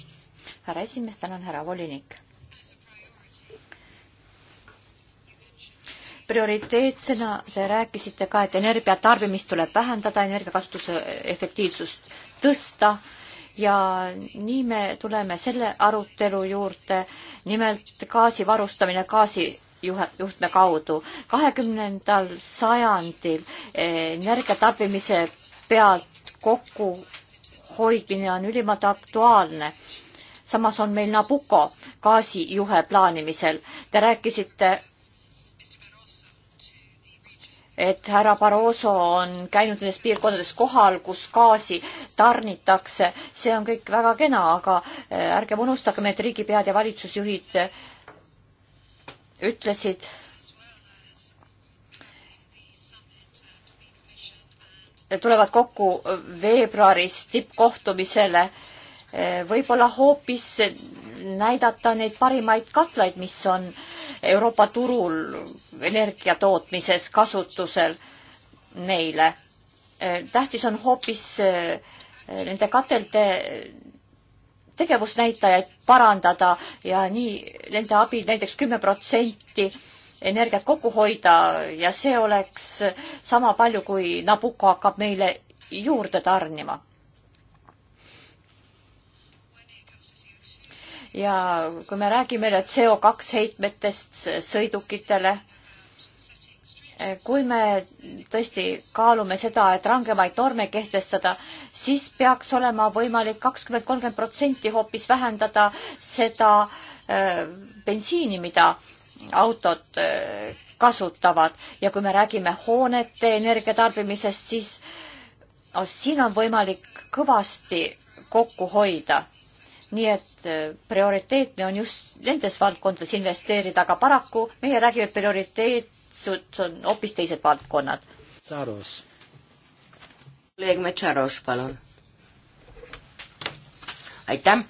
härra esimees, tänan, härra volinik prioriteetsena te rääkisite ka, et energia tarbimist tuleb vähendada, energiakasutuse efektiivsust tõsta ja nii me tuleme selle arutelu juurde, nimelt gaasi varustamine gaasijuhtme kaudu. kahekümnendal sajandil eh, energia tarbimise pealt kokkuhoidmine on ülimalt aktuaalne samas on meil Nabucco gaasijuhe plaanimisel. Te rääkisite et härra Barroso on käinud nendes piirkondades kohal, kus gaasi tarnitakse, see on kõik väga kena, aga äh, ärgem unustagem, et riigipead ja valitsusjuhid äh, ütlesid, tulevad kokku äh, veebruaris tippkohtumisele võib-olla hoopis näidata neid parimaid katlaid, mis on Euroopa turul energia tootmises kasutusel neile. tähtis on hoopis eh, nende katelde tegevusnäitajaid parandada ja nii nende abil näiteks kümme protsenti energiat kokku hoida ja see oleks sama palju, kui Nabucco hakkab meile juurde tarnima ja kui me räägime CO2 heitmetest sõidukitele, e, kui me tõesti kaalume seda, et rangemaid norme kehtestada, siis peaks olema võimalik kakskümmend, kolmkümmend protsenti hoopis vähendada seda e, bensiini, mida autod e, kasutavad ja kui me räägime hoonete energiatarbimisest, siis siin on võimalik kõvasti kokku hoida nii et äh, prioriteetne on just nendes valdkondades investeerida, aga paraku meie räägime prioriteetsed on hoopis teised valdkonnad. Saros. kolleeg Metsaros, palun. aitäh.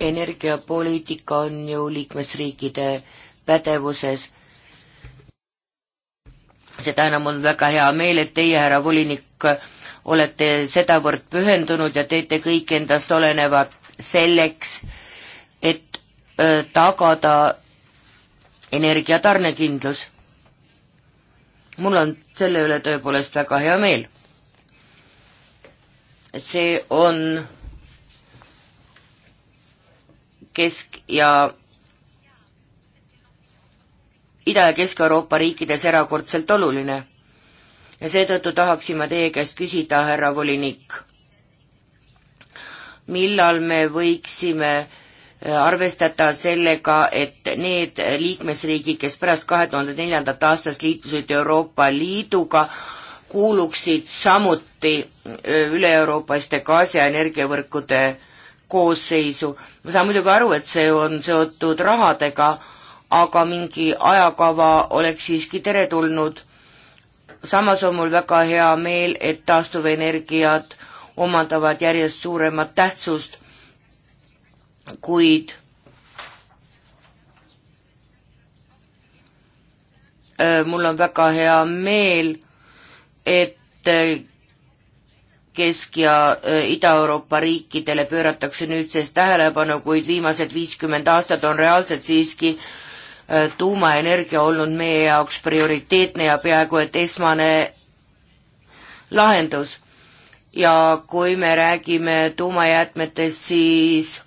energiapoliitika on ju liikmesriikide pädevuses seda enam on väga hea meel, et teie, härra volinik, olete sedavõrd pühendunud ja teete kõik endast olenevat selleks, et tagada energiatarnekindlus. mul on selle üle tõepoolest väga hea meel. see on Kesk- ja Ida- ja Kesk-Euroopa riikides erakordselt oluline ja seetõttu tahaksin ma teie käest küsida, härra volinik, millal me võiksime äh, arvestada sellega, et need liikmesriigid, kes pärast kahe tuhande neljandat aastast liitusid Euroopa Liiduga, kuuluksid samuti äh, üle-euroopaliste gaasi- ja energiavõrkude koosseisu. ma saan muidugi aru, et see on seotud rahadega, aga mingi ajakava oleks siiski teretulnud samas on mul väga hea meel, et taastuvenergiad omandavad järjest suuremat tähtsust, kuid äh, mul on väga hea meel, et äh, Kesk- ja äh, Ida-Euroopa riikidele pööratakse nüüdsest tähelepanu, kuid viimased viiskümmend aastat on reaalselt siiski äh, Äh, tuumaenergia olnud meie jaoks prioriteetne ja peaaegu et esmane lahendus. ja kui me räägime tuumajäätmetest, siis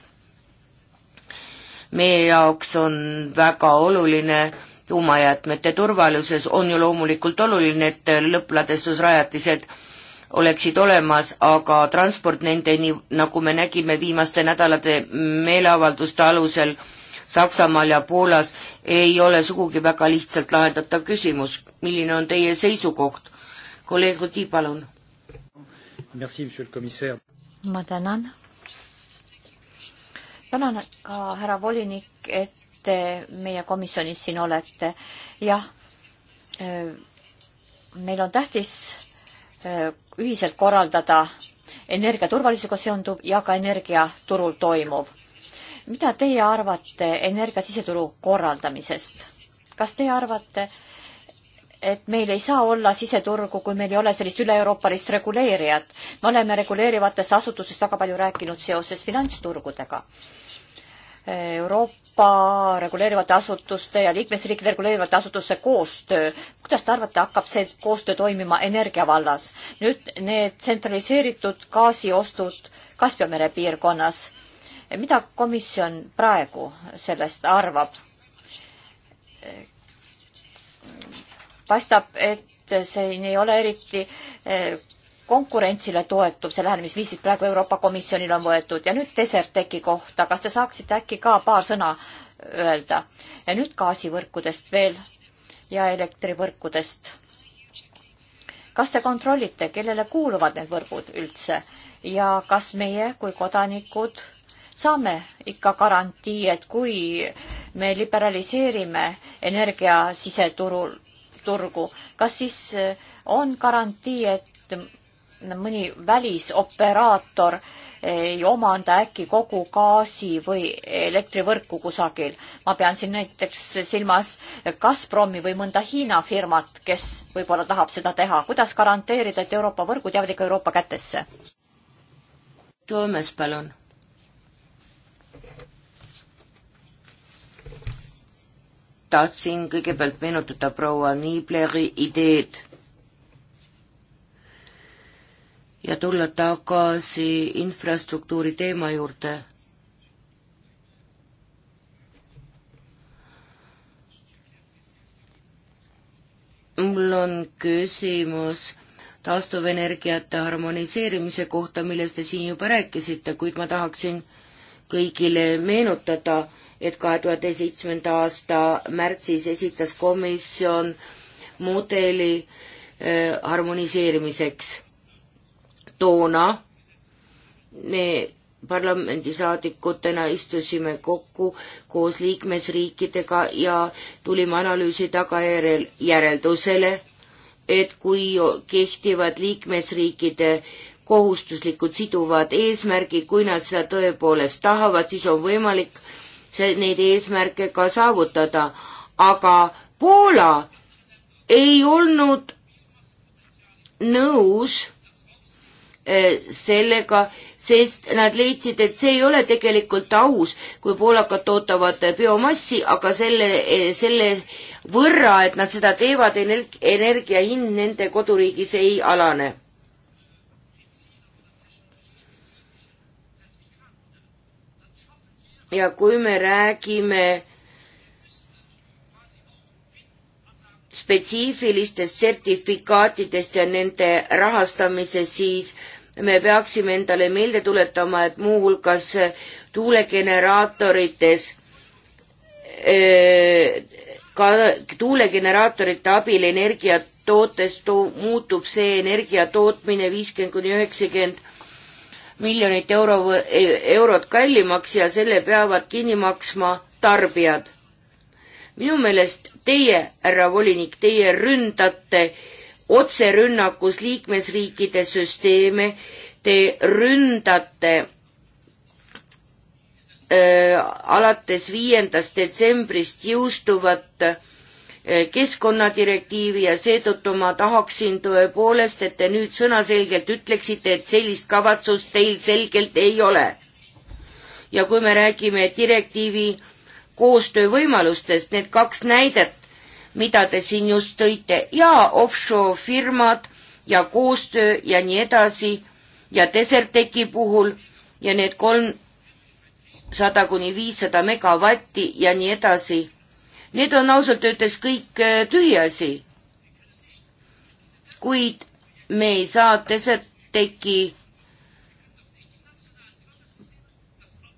meie jaoks on väga oluline tuumajäätmete turvaluses, on ju loomulikult oluline, et lõppladestusrajatised oleksid olemas, aga transport nendeni, nagu me nägime viimaste nädalate meeleavalduste alusel, Saksamaal ja Poolas ei ole sugugi väga lihtsalt lahendatav küsimus. milline on teie seisukoht? kolleeg Rudi, palun. ma tänan. tänan ka härra volinik, et te meie komisjonis siin olete. jah, äh, meil on tähtis äh, ühiselt korraldada energiaturvalisusega seonduv ja ka energiaturul toimuv mida teie arvate energia siseturu korraldamisest? kas teie arvate, et meil ei saa olla siseturgu, kui meil ei ole sellist üle-euroopalist reguleerijat. me oleme reguleerivatest asutustest väga palju rääkinud seoses finantsturgudega. Euroopa reguleerivate asutuste ja liikmesriikide reguleerivate asutuste koostöö, kuidas te arvate, hakkab see koostöö toimima energia vallas? nüüd need tsentraliseeritud gaasiostud Kaspia mere piirkonnas mida komisjon praegu sellest arvab? paistab, et see ei ole eriti e, konkurentsile toetuv, see lähenemisviis, mis praegu Euroopa Komisjonil on võetud ja nüüd Deserteki kohta, kas te saaksite äkki ka paar sõna öelda? ja nüüd gaasivõrkudest veel ja elektrivõrkudest. kas te kontrollite, kellele kuuluvad need võrgud üldse ja kas meie kui kodanikud saame ikka garantii, et kui me liberaliseerime energia siseturul, turgu, kas siis eh, on garantii, et mõni välisoperaator eh, ei omanda äkki kogu gaasi või elektrivõrku kusagil. ma pean siin näiteks silmas Gazpromi või mõnda Hiina firmat, kes võib-olla tahab seda teha. kuidas garanteerida, et Euroopa võrgud jäävad ikka Euroopa kätesse? Toomas, palun tahtsin kõigepealt meenutada proua Niibleri ideed ja tulla tagasi infrastruktuuri teema juurde. mul on küsimus taastuvenergiate harmoniseerimise kohta, millest te siin juba rääkisite, kuid ma tahaksin kõigile meenutada, et kahe tuhande seitsmenda aasta märtsis esitas komisjon mudeli äh, harmoniseerimiseks. toona me parlamendisaadikutena istusime kokku koos liikmesriikidega ja tulime analüüsi tagajärjel järeldusele, et kui kehtivad liikmesriikide kohustuslikud siduvad eesmärgid, kui nad seda tõepoolest tahavad, siis on võimalik äh, see, neid eesmärke ka saavutada, aga Poola ei olnud nõus eh, sellega, sest nad leidsid, et see ei ole tegelikult aus, kui poolakad toodavad biomassi, aga selle, eh, selle võrra, et nad seda teevad, energia hind nende koduriigis ei alane ja kui me räägime spetsiifilistest sertifikaatidest ja nende rahastamisest, siis me peaksime endale meelde tuletama, et muuhulgas tuulegeneraatorites äh, ka tuulegeneraatorite abil energiat tootes to, muutub see energia tootmine viiskümmend kuni üheksakümmend miljonit euro, e-, eurot kallimaks ja selle peavad kinni maksma tarbijad. minu meelest teie, härra volinik, teie ründate otserünnakus liikmesriikide süsteeme, te ründate öö, äh, alates viiendast detsembrist jõustuvat keskkonnadirektiivi ja seetõttu ma tahaksin tõepoolest, et te nüüd sõnaselgelt ütleksite, et sellist kavatsust teil selgelt ei ole. ja kui me räägime direktiivi koostöövõimalustest, need kaks näidet, mida te siin just tõite ja offshore firmad ja koostöö ja nii edasi ja Deserteki puhul ja need kolmsada kuni viissada megavatti ja nii edasi Need on ausalt öeldes kõik äh, tühiasi. kuid me ei saa Deserteki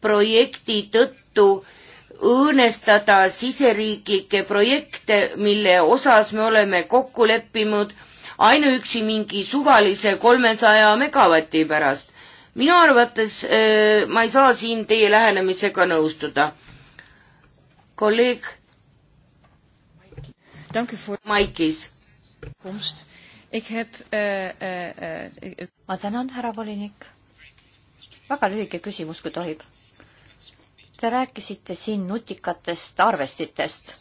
projekti tõttu õõnestada siseriiklikke projekte, mille osas me oleme kokku leppinud ainuüksi mingi suvalise kolmesaja megavati pärast. minu arvates äh, ma ei saa siin teie lähenemisega nõustuda. kolleeg Maikis. Eh, eh, eh, ma tänan, härra volinik. väga lühike küsimus, kui tohib. Te rääkisite siin nutikatest arvestitest.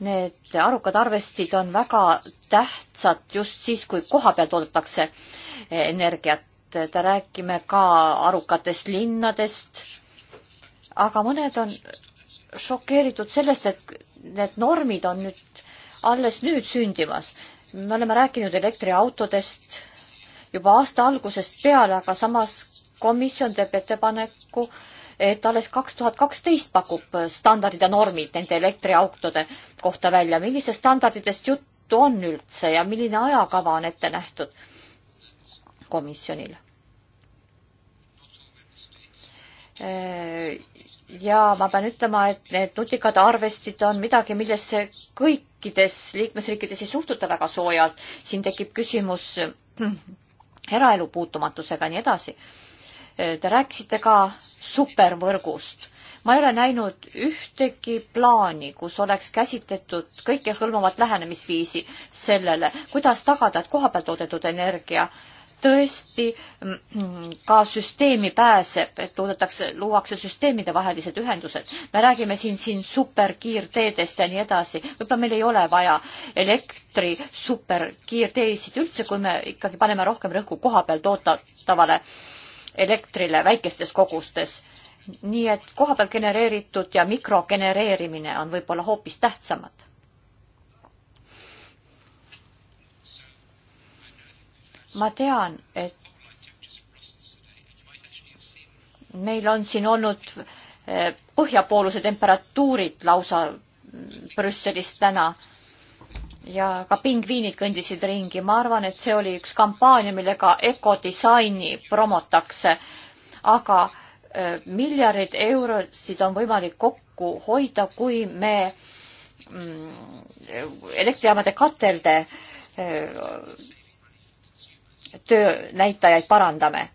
Need arukad arvestid on väga tähtsad just siis, kui kohapeal toodetakse energiat. Te räägime ka arukatest linnadest, aga mõned on šokeeritud sellest, et need normid on nüüd alles nüüd sündimas. me oleme rääkinud elektriautodest juba aasta algusest peale, aga samas komisjon teeb ettepaneku, et alles kaks tuhat kaksteist pakub standardid ja normid nende elektriautode kohta välja. millistest standarditest juttu on üldse ja milline ajakava on ette nähtud komisjonil? Äh, ja ma pean ütlema, et need nutikad arvestid on midagi, millesse kõikides liikmesriikides ei suhtuta väga soojalt. siin tekib küsimus eraelu puutumatusega ja nii edasi. Te rääkisite ka supervõrgust. ma ei ole näinud ühtegi plaani, kus oleks käsitletud kõikehõlmavat lähenemisviisi sellele, kuidas tagada, et kohapeal toodetud energia äh, tõesti ka süsteemi pääseb, et loodetakse, luuakse süsteemide vahelised ühendused. me räägime siin, siin superkiirteedest ja nii edasi. võib-olla meil ei ole vaja elektri superkiirteesid üldse, kui me ikkagi paneme rohkem rõhku koha peal toodetavale elektrile väikestes kogustes. nii et koha peal genereeritud ja mikrogenereerimine on võib-olla hoopis tähtsamad ma tean, et meil on siin olnud eh, põhjapooluse temperatuurid lausa mm, Brüsselis täna ja ka pingviinid kõndisid ringi. ma arvan, et see oli üks kampaania, millega ökodisaini promotakse. aga eh, miljardeid eurosid on võimalik kokku hoida, kui me mm, elektrijaamade katelde eh, töönäitajaid parandame.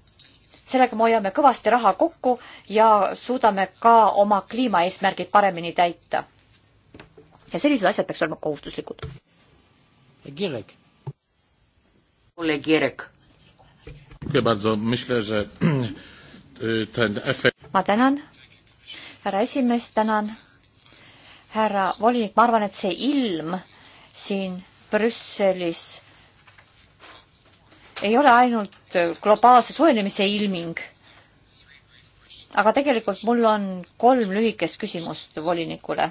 sellega me hoiame kõvasti raha kokku ja suudame ka oma kliimaeesmärgid paremini täita. ja sellised asjad peaks olema kohustuslikud. Kirek. Ole Kirek. ma tänan, härra esimees, tänan, härra volinik, ma arvan, et see ilm siin Brüsselis ei ole ainult globaalse soojenemise ilming. aga tegelikult mul on kolm lühikest küsimust volinikule.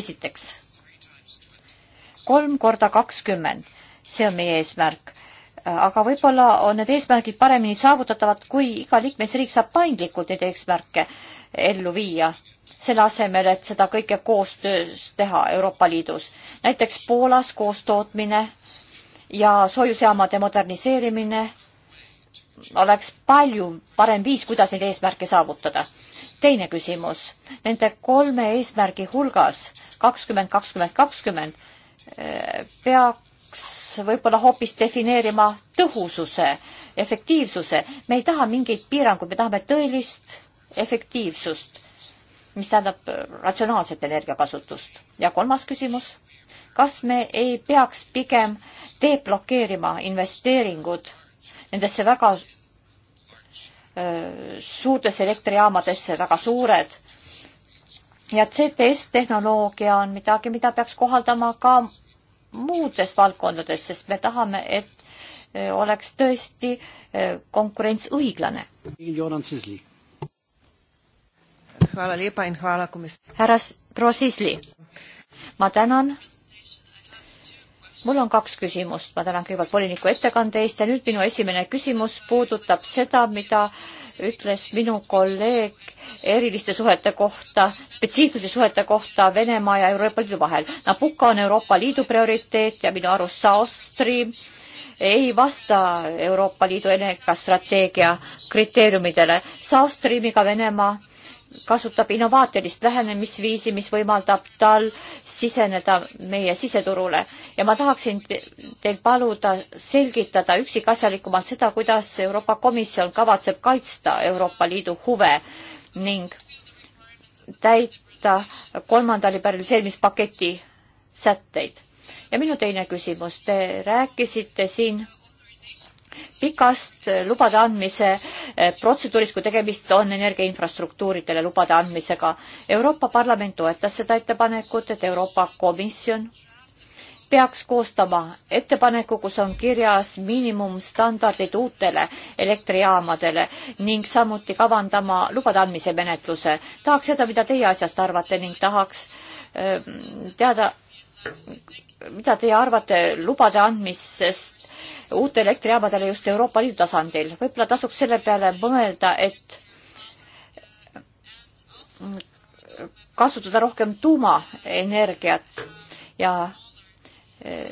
esiteks, kolm korda kakskümmend, see on meie eesmärk aga võib-olla on need eesmärgid paremini saavutatavad, kui iga liikmesriik saab paindlikult neid eesmärke ellu viia, selle asemel, et seda kõike koostöös teha Euroopa Liidus. näiteks Poolas koostootmine ja soojusjaamade moderniseerimine oleks palju parem viis, kuidas neid eesmärke saavutada. teine küsimus, nende kolme eesmärgi hulgas kakskümmend, kakskümmend, kakskümmend eh, peaks võib-olla hoopis defineerima tõhususe, efektiivsuse. me ei taha mingeid piiranguid, me tahame tõelist efektiivsust, mis tähendab ratsionaalset energiakasutust. ja kolmas küsimus kas me ei peaks pigem deblokeerima investeeringud nendesse väga suurtesse elektrijaamadesse, väga suured. ja CTS-tehnoloogia on midagi, mida peaks kohaldama ka muudes valdkondades, sest me tahame, et oleks tõesti konkurents õiglane. härra proua Sisli, ma tänan mul on kaks küsimust, ma tänan kõigepealt voliniku ettekande eest ja nüüd minu esimene küsimus puudutab seda, mida ütles minu kolleeg eriliste suhete kohta, spetsiifiliste suhete kohta Venemaa ja Euroopa Liidu vahel. Nabucco on Euroopa Liidu prioriteet ja minu arust South Stream ei vasta Euroopa Liidu enesestrateegia kriteeriumidele. South Streamiga Venemaa kasutab innovaatilist lähenemisviisi, mis võimaldab tal siseneda meie siseturule ja ma tahaksin teil paluda selgitada üksikasjalikumalt seda, kuidas Euroopa Komisjon kavatseb kaitsta Euroopa Liidu huve ning täita kolmanda liberaliseerimispaketi sätteid. ja minu teine küsimus, te rääkisite siin pikast lubade andmise eh, protseduurist, kui tegemist on energiainfrastruktuuridele lubade andmisega. Euroopa Parlament toetas seda ettepanekut, et Euroopa Komisjon peaks koostama ettepaneku, kus on kirjas miinimumstandardid uutele elektrijaamadele ning samuti kavandama lubade andmise menetluse. tahaks seda, mida teie asjast arvate ning tahaks öö, eh, teada, mida teie arvate lubade andmisest uute elektrijaamadele just Euroopa Liidu tasandil? võib-olla tasuks selle peale mõelda, et kasutada rohkem tuumaenergiat ja eh,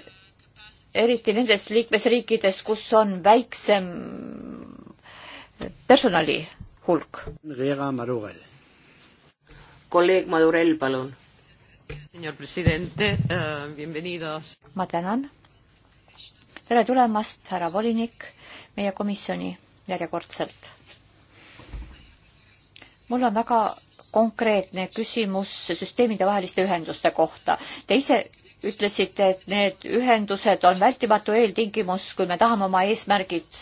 eriti nendes liikmesriikides, kus on väiksem personali hulk. kolleeg Madurell, palun Eh, ma tänan. tere tulemast, härra volinik, meie komisjoni järjekordselt. mul on väga konkreetne küsimus süsteemide vaheliste ühenduste kohta. Te ise ütlesite, et need ühendused on vältimatu eeltingimus, kui me tahame oma eesmärgid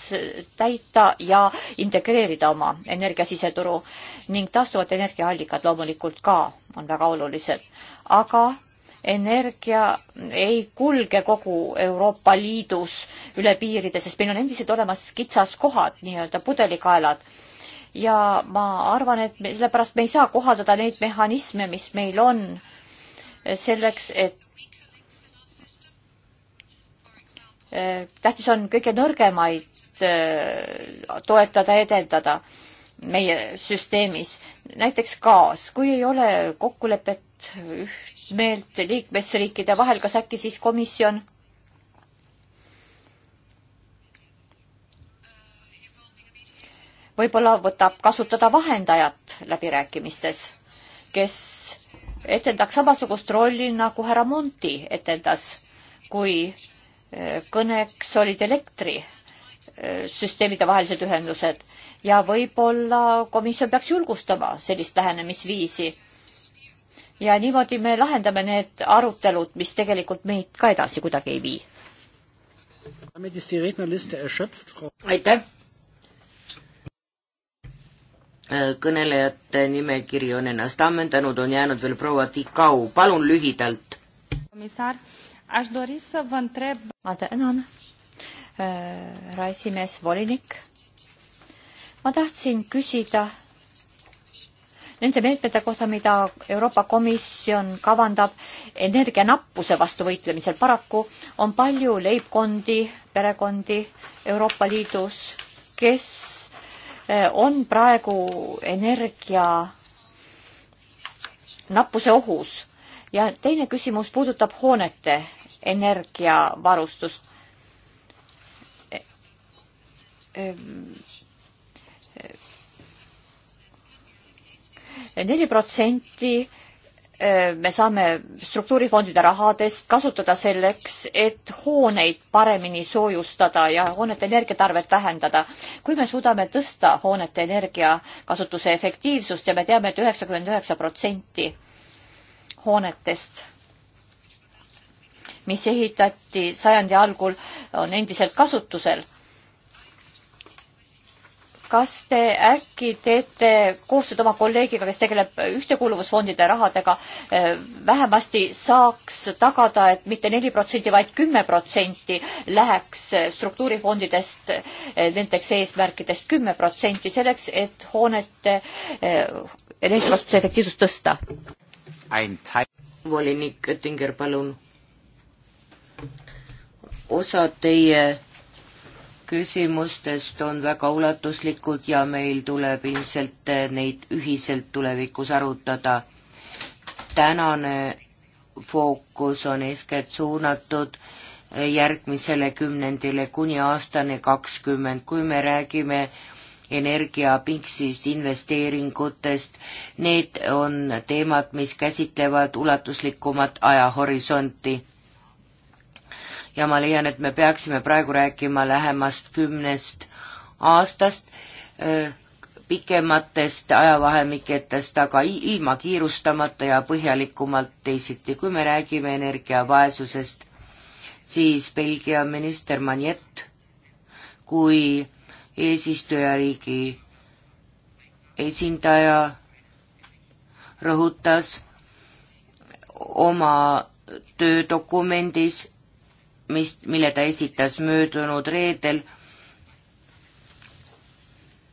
täita ja integreerida oma energiasiseturu ning taastuvad energiaallikad loomulikult ka on väga olulised. aga energia ei kulge kogu Euroopa Liidus üle piiride, sest meil on endiselt olemas kitsaskohad, nii-öelda pudelikaelad ja ma arvan, et sellepärast me ei saa kohaldada neid mehhanisme, mis meil on selleks, et Äh, tähtis on kõige nõrgemaid äh, toetada, edendada meie süsteemis. näiteks gaas, kui ei ole kokkulepet, ühtmeelt liikmesriikide vahel, kas äkki siis komisjon võib-olla võtab kasutada vahendajat läbirääkimistes, kes etendaks samasugust rolli nagu härra Monti etendas, kui kõneks olid elektrisüsteemide vahelised ühendused ja võib-olla komisjon peaks julgustama sellist lähenemisviisi. ja niimoodi me lahendame need arutelud, mis tegelikult meid ka edasi kuidagi ei vii. aitäh kõnelejate nimekiri on ennast ammendanud, on jäänud veel proua Tikau, palun lühidalt. Aș dori să vă întreb... Ma tänan, härra äh, esimees, volinik. Ma tahtsin küsida nende meetmete kohta, mida Euroopa Komisjon kavandab energianappuse vastu võitlemisel. paraku on palju leibkondi, perekondi Euroopa Liidus, kes äh, on praegu energia nappuse ohus. ja teine küsimus puudutab hoonete energiavarustust. neli protsenti eh, me saame struktuurifondide rahadest kasutada selleks, et hooneid paremini soojustada ja hoonete energiatarvet vähendada. kui me suudame tõsta hoonete energiakasutuse efektiivsust ja me teame et, et üheksakümmend üheksa protsenti hoonetest mis ehitati sajandi algul, on endiselt kasutusel. kas te äkki teete koostööd oma kolleegiga, kes tegeleb ühtekuuluvusfondide rahadega, eh, vähemasti saaks tagada, et mitte neli protsenti, vaid kümme protsenti läheks struktuurifondidest eh, nendeks eesmärkidest kümme protsenti selleks, et hoonete eh, energiakasutuse efektiivsust tõsta? volinik Oettinger, palun osad teie küsimustest on väga ulatuslikud ja meil tuleb ilmselt neid ühiselt tulevikus arutada. tänane fookus on eeskätt suunatud järgmisele kümnendile kuni aastani kakskümmend, kui me räägime energiapinksist investeeringutest, need on teemad, mis käsitlevad ulatuslikumat ajahorisonti ja ma leian, et me peaksime praegu rääkima lähemast kümnest aastast, eh, pikematest ajavahemiketest, aga ilma kiirustamata ja põhjalikumalt teisiti. kui me räägime energiavaesusest, siis Belgia minister Maniet kui eesistujariigi esindaja rõhutas oma töödokumendis, mis, mille ta esitas möödunud reedel,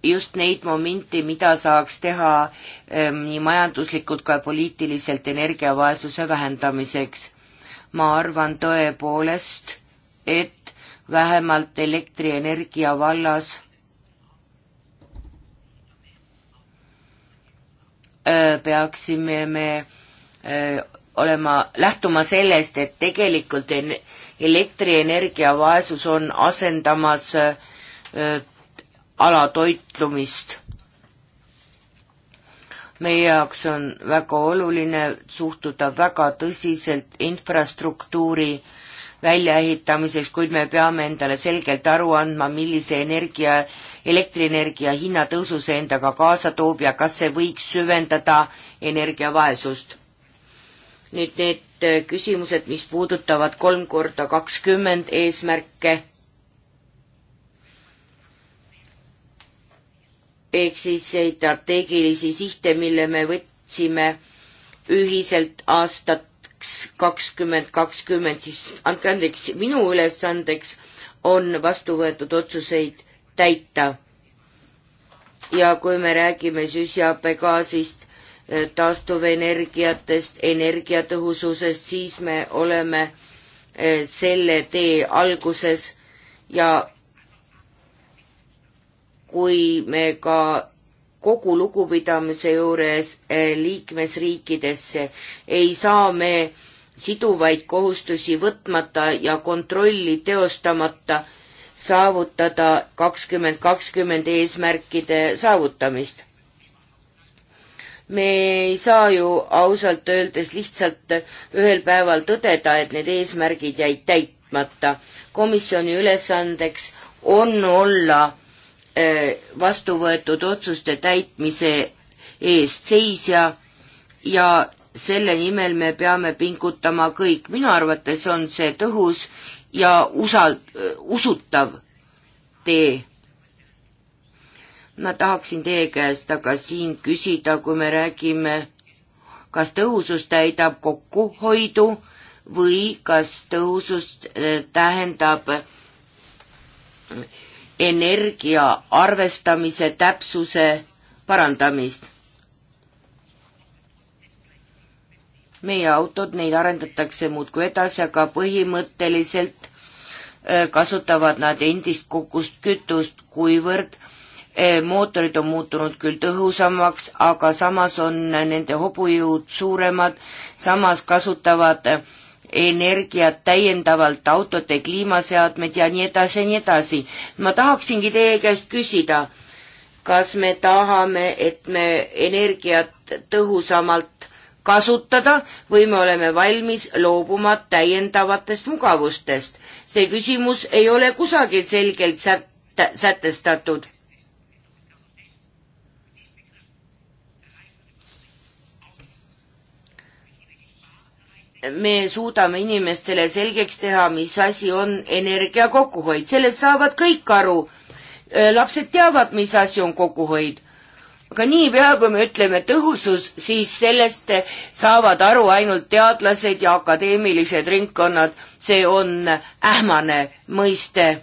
just neid momente, mida saaks teha ähm, nii majanduslikult kui poliitiliselt energiavaesuse vähendamiseks. ma arvan tõepoolest, et vähemalt elektrienergia vallas äh, peaksime me äh, olema, lähtuma sellest, et tegelikult elektrienergia vaesus on asendamas äh, alatoitlumist. meie jaoks on väga oluline suhtuda väga tõsiselt infrastruktuuri väljaehitamiseks, kuid me peame endale selgelt aru andma, millise energia, elektrienergia hinnatõusu see endaga kaasa toob ja kas see võiks süvendada energiavaesust nüüd need äh, küsimused, mis puudutavad kolm korda kakskümmend eesmärke. ehk siis neid strateegilisi sihte, mille me võtsime ühiselt aastaks kakskümmend kakskümmend, siis andke andeks, minu ülesandeks on vastu võetud otsuseid täita. ja kui me räägime süsihappegaasist, taastuvenergiatest, energiatõhususest, siis me oleme eh, selle tee alguses ja kui me ka kogu lugupidamise juures eh, liikmesriikidesse ei saa me siduvaid kohustusi võtmata ja kontrolli teostamata saavutada kakskümmend kakskümmend eesmärkide saavutamist me ei saa ju ausalt öeldes lihtsalt ühel päeval tõdeda, et need eesmärgid jäid täitmata. komisjoni ülesandeks on olla äh, vastu võetud otsuste täitmise eest seisja ja selle nimel me peame pingutama kõik. minu arvates on see tõhus ja usal-, usutav tee ma tahaksin teie käest aga siin küsida, kui me räägime, kas tõhusus täidab kokkuhoidu või kas tõhusus äh, tähendab energia arvestamise täpsuse parandamist. meie autod, neid arendatakse muudkui edasi, aga põhimõtteliselt äh, kasutavad nad endist kogust kütust, kuivõrd Eh, mootorid on muutunud küll tõhusamaks, aga samas on nende hobujõud suuremad, samas kasutavad eh, energiat täiendavalt autode kliimaseadmed ja nii edasi ja nii edasi. ma tahaksingi teie käest küsida, kas me tahame, et me energiat tõhusamalt kasutada või me oleme valmis loobuma täiendavatest mugavustest. see küsimus ei ole kusagil selgelt sätte, sätestatud me suudame inimestele selgeks teha, mis asi on energia kokkuhoid, sellest saavad kõik aru. Äh, lapsed teavad, mis asi on kokkuhoid. aga niipea, kui me ütleme tõhusus, siis sellest saavad aru ainult teadlased ja akadeemilised ringkonnad. see on ähmane mõiste.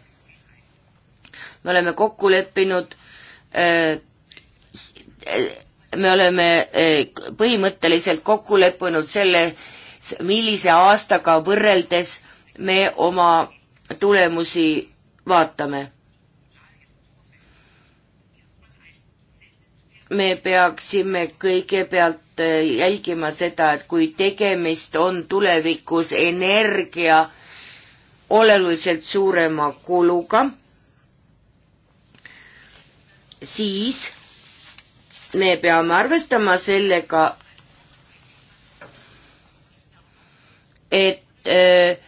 me oleme kokku leppinud äh, me oleme äh, põhimõtteliselt kokku leppinud selle äh, millise aastaga võrreldes me oma tulemusi vaatame. me peaksime kõigepealt äh, jälgima seda, et kui tegemist on tulevikus energia oluliselt suurema kuluga, siis me peame arvestama sellega, et äh,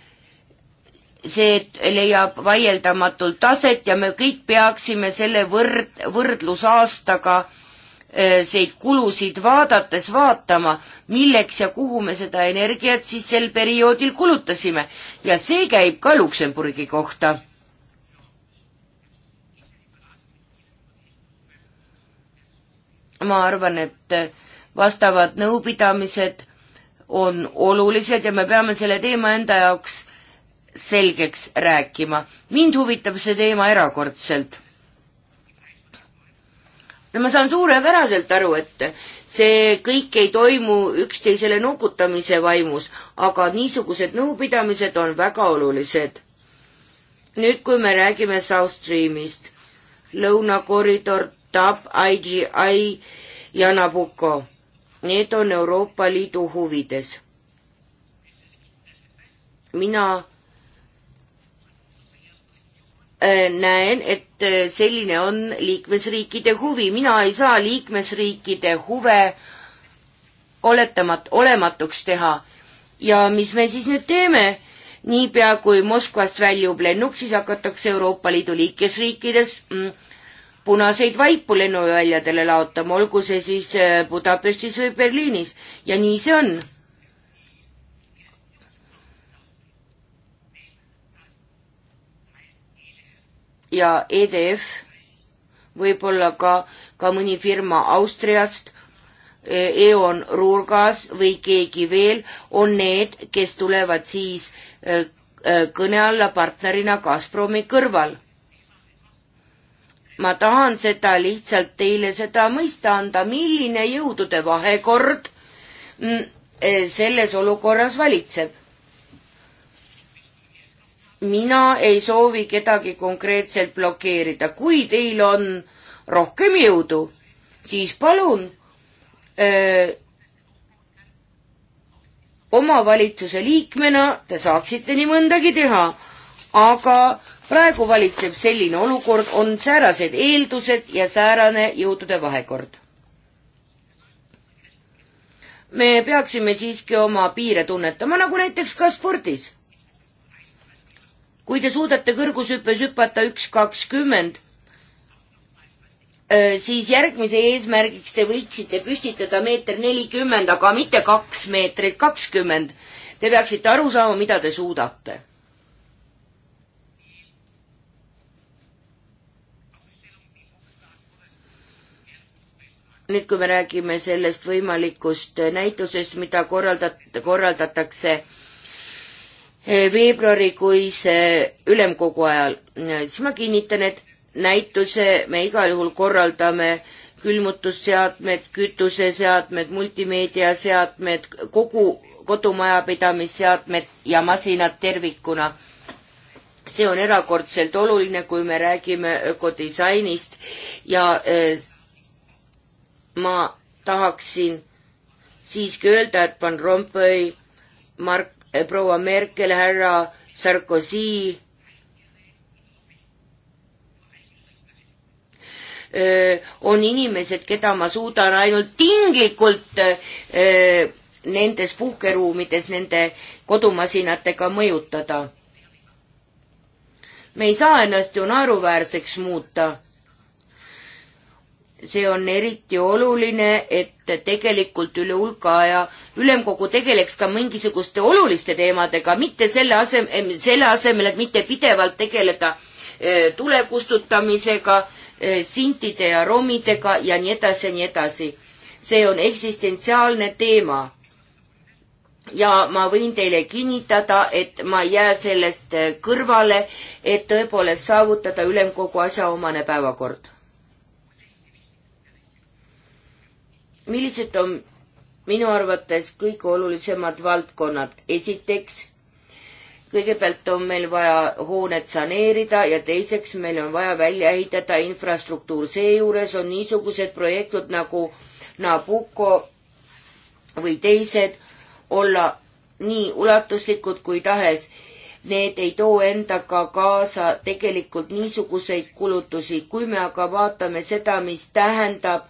see leiab vaieldamatult taset ja me kõik peaksime selle võrd, võrdlusaastaga neid äh, kulusid vaadates vaatama, milleks ja kuhu me seda energiat siis sel perioodil kulutasime ja see käib ka Luksemburgi kohta ma arvan, et vastavad nõupidamised on olulised ja me peame selle teema enda jaoks selgeks rääkima. mind huvitab see teema erakordselt. no ma saan suurepäraselt aru, et see kõik ei toimu üksteisele nukutamise vaimus, aga niisugused nõupidamised on väga olulised. nüüd, kui me räägime South Streamist, lõunakoridor, TAP, IGI ja Nabucco need on Euroopa Liidu huvides. mina äh, näen, et äh, selline on liikmesriikide huvi, mina ei saa liikmesriikide huve oletamatu, olematuks teha. ja mis me siis nüüd teeme? niipea kui Moskvast väljub lennuk, siis hakatakse Euroopa Liidu liikmesriikides mm, punaseid vaipu lennuväljadele laotama, olgu see siis äh, Budapestis või Berliinis ja nii see on. ja EDF, võib-olla ka, ka mõni firma Austriast, äh, E.ON Ruurgas või keegi veel on need, kes tulevad siis äh, kõne alla partnerina Gazpromi kõrval ma tahan seda lihtsalt teile seda mõista anda, milline jõudude vahekord mm, eh, selles olukorras valitseb. mina ei soovi kedagi konkreetselt blokeerida, kui teil on rohkem jõudu, siis palun öö, eh, omavalitsuse liikmena te saaksite nii mõndagi teha, aga praegu valitseb selline olukord, on säärased eeldused ja säärane jõudude vahekord. me peaksime siiski oma piire tunnetama, nagu näiteks ka spordis. kui te suudate kõrgushüppes hüpata üks kakskümmend, siis järgmise eesmärgiks te võiksite püstitada meeter nelikümmend, aga mitte kaks meetrit kakskümmend. Te peaksite aru saama, mida te suudate nüüd, kui me räägime sellest võimalikust näitusest, mida korraldat-, korraldatakse eh, veebruarikuise ülemkogu ajal, eh, siis ma kinnitan, et näituse me igal juhul korraldame külmutusseadmed, kütuseseadmed, multimeediaseadmed, kogu kodumajapidamisseadmed ja masinad tervikuna. see on erakordselt oluline, kui me räägime ökodisainist ja eh, ma tahaksin siiski öelda, et Van Rompuy, Mark, eh, proua Merkel, härra Sarkozy eh, on inimesed, keda ma suudan ainult tinglikult eh, nendes puhkeruumides nende kodumasinatega mõjutada. me ei saa ennast ju naeruväärseks muuta see on eriti oluline, et tegelikult üle hulka aja ülemkogu tegeleks ka mingisuguste oluliste teemadega, mitte selle asemel, selle asemel, et mitte pidevalt tegeleda eh, tule kustutamisega, eh, sintide ja romidega ja nii edasi ja nii edasi. see on eksistentsiaalne teema. ja ma võin teile kinnitada, et ma ei jää sellest eh, kõrvale, et tõepoolest saavutada ülemkogu asjaomane päevakord millised on minu arvates kõige olulisemad valdkonnad? esiteks, kõigepealt on meil vaja hooned saneerida ja teiseks meil on vaja välja ehitada infrastruktuur. seejuures on niisugused projektid nagu Nabucco või teised olla nii ulatuslikud kui tahes. Need ei too endaga kaasa tegelikult niisuguseid kulutusi. kui me aga vaatame seda, mis tähendab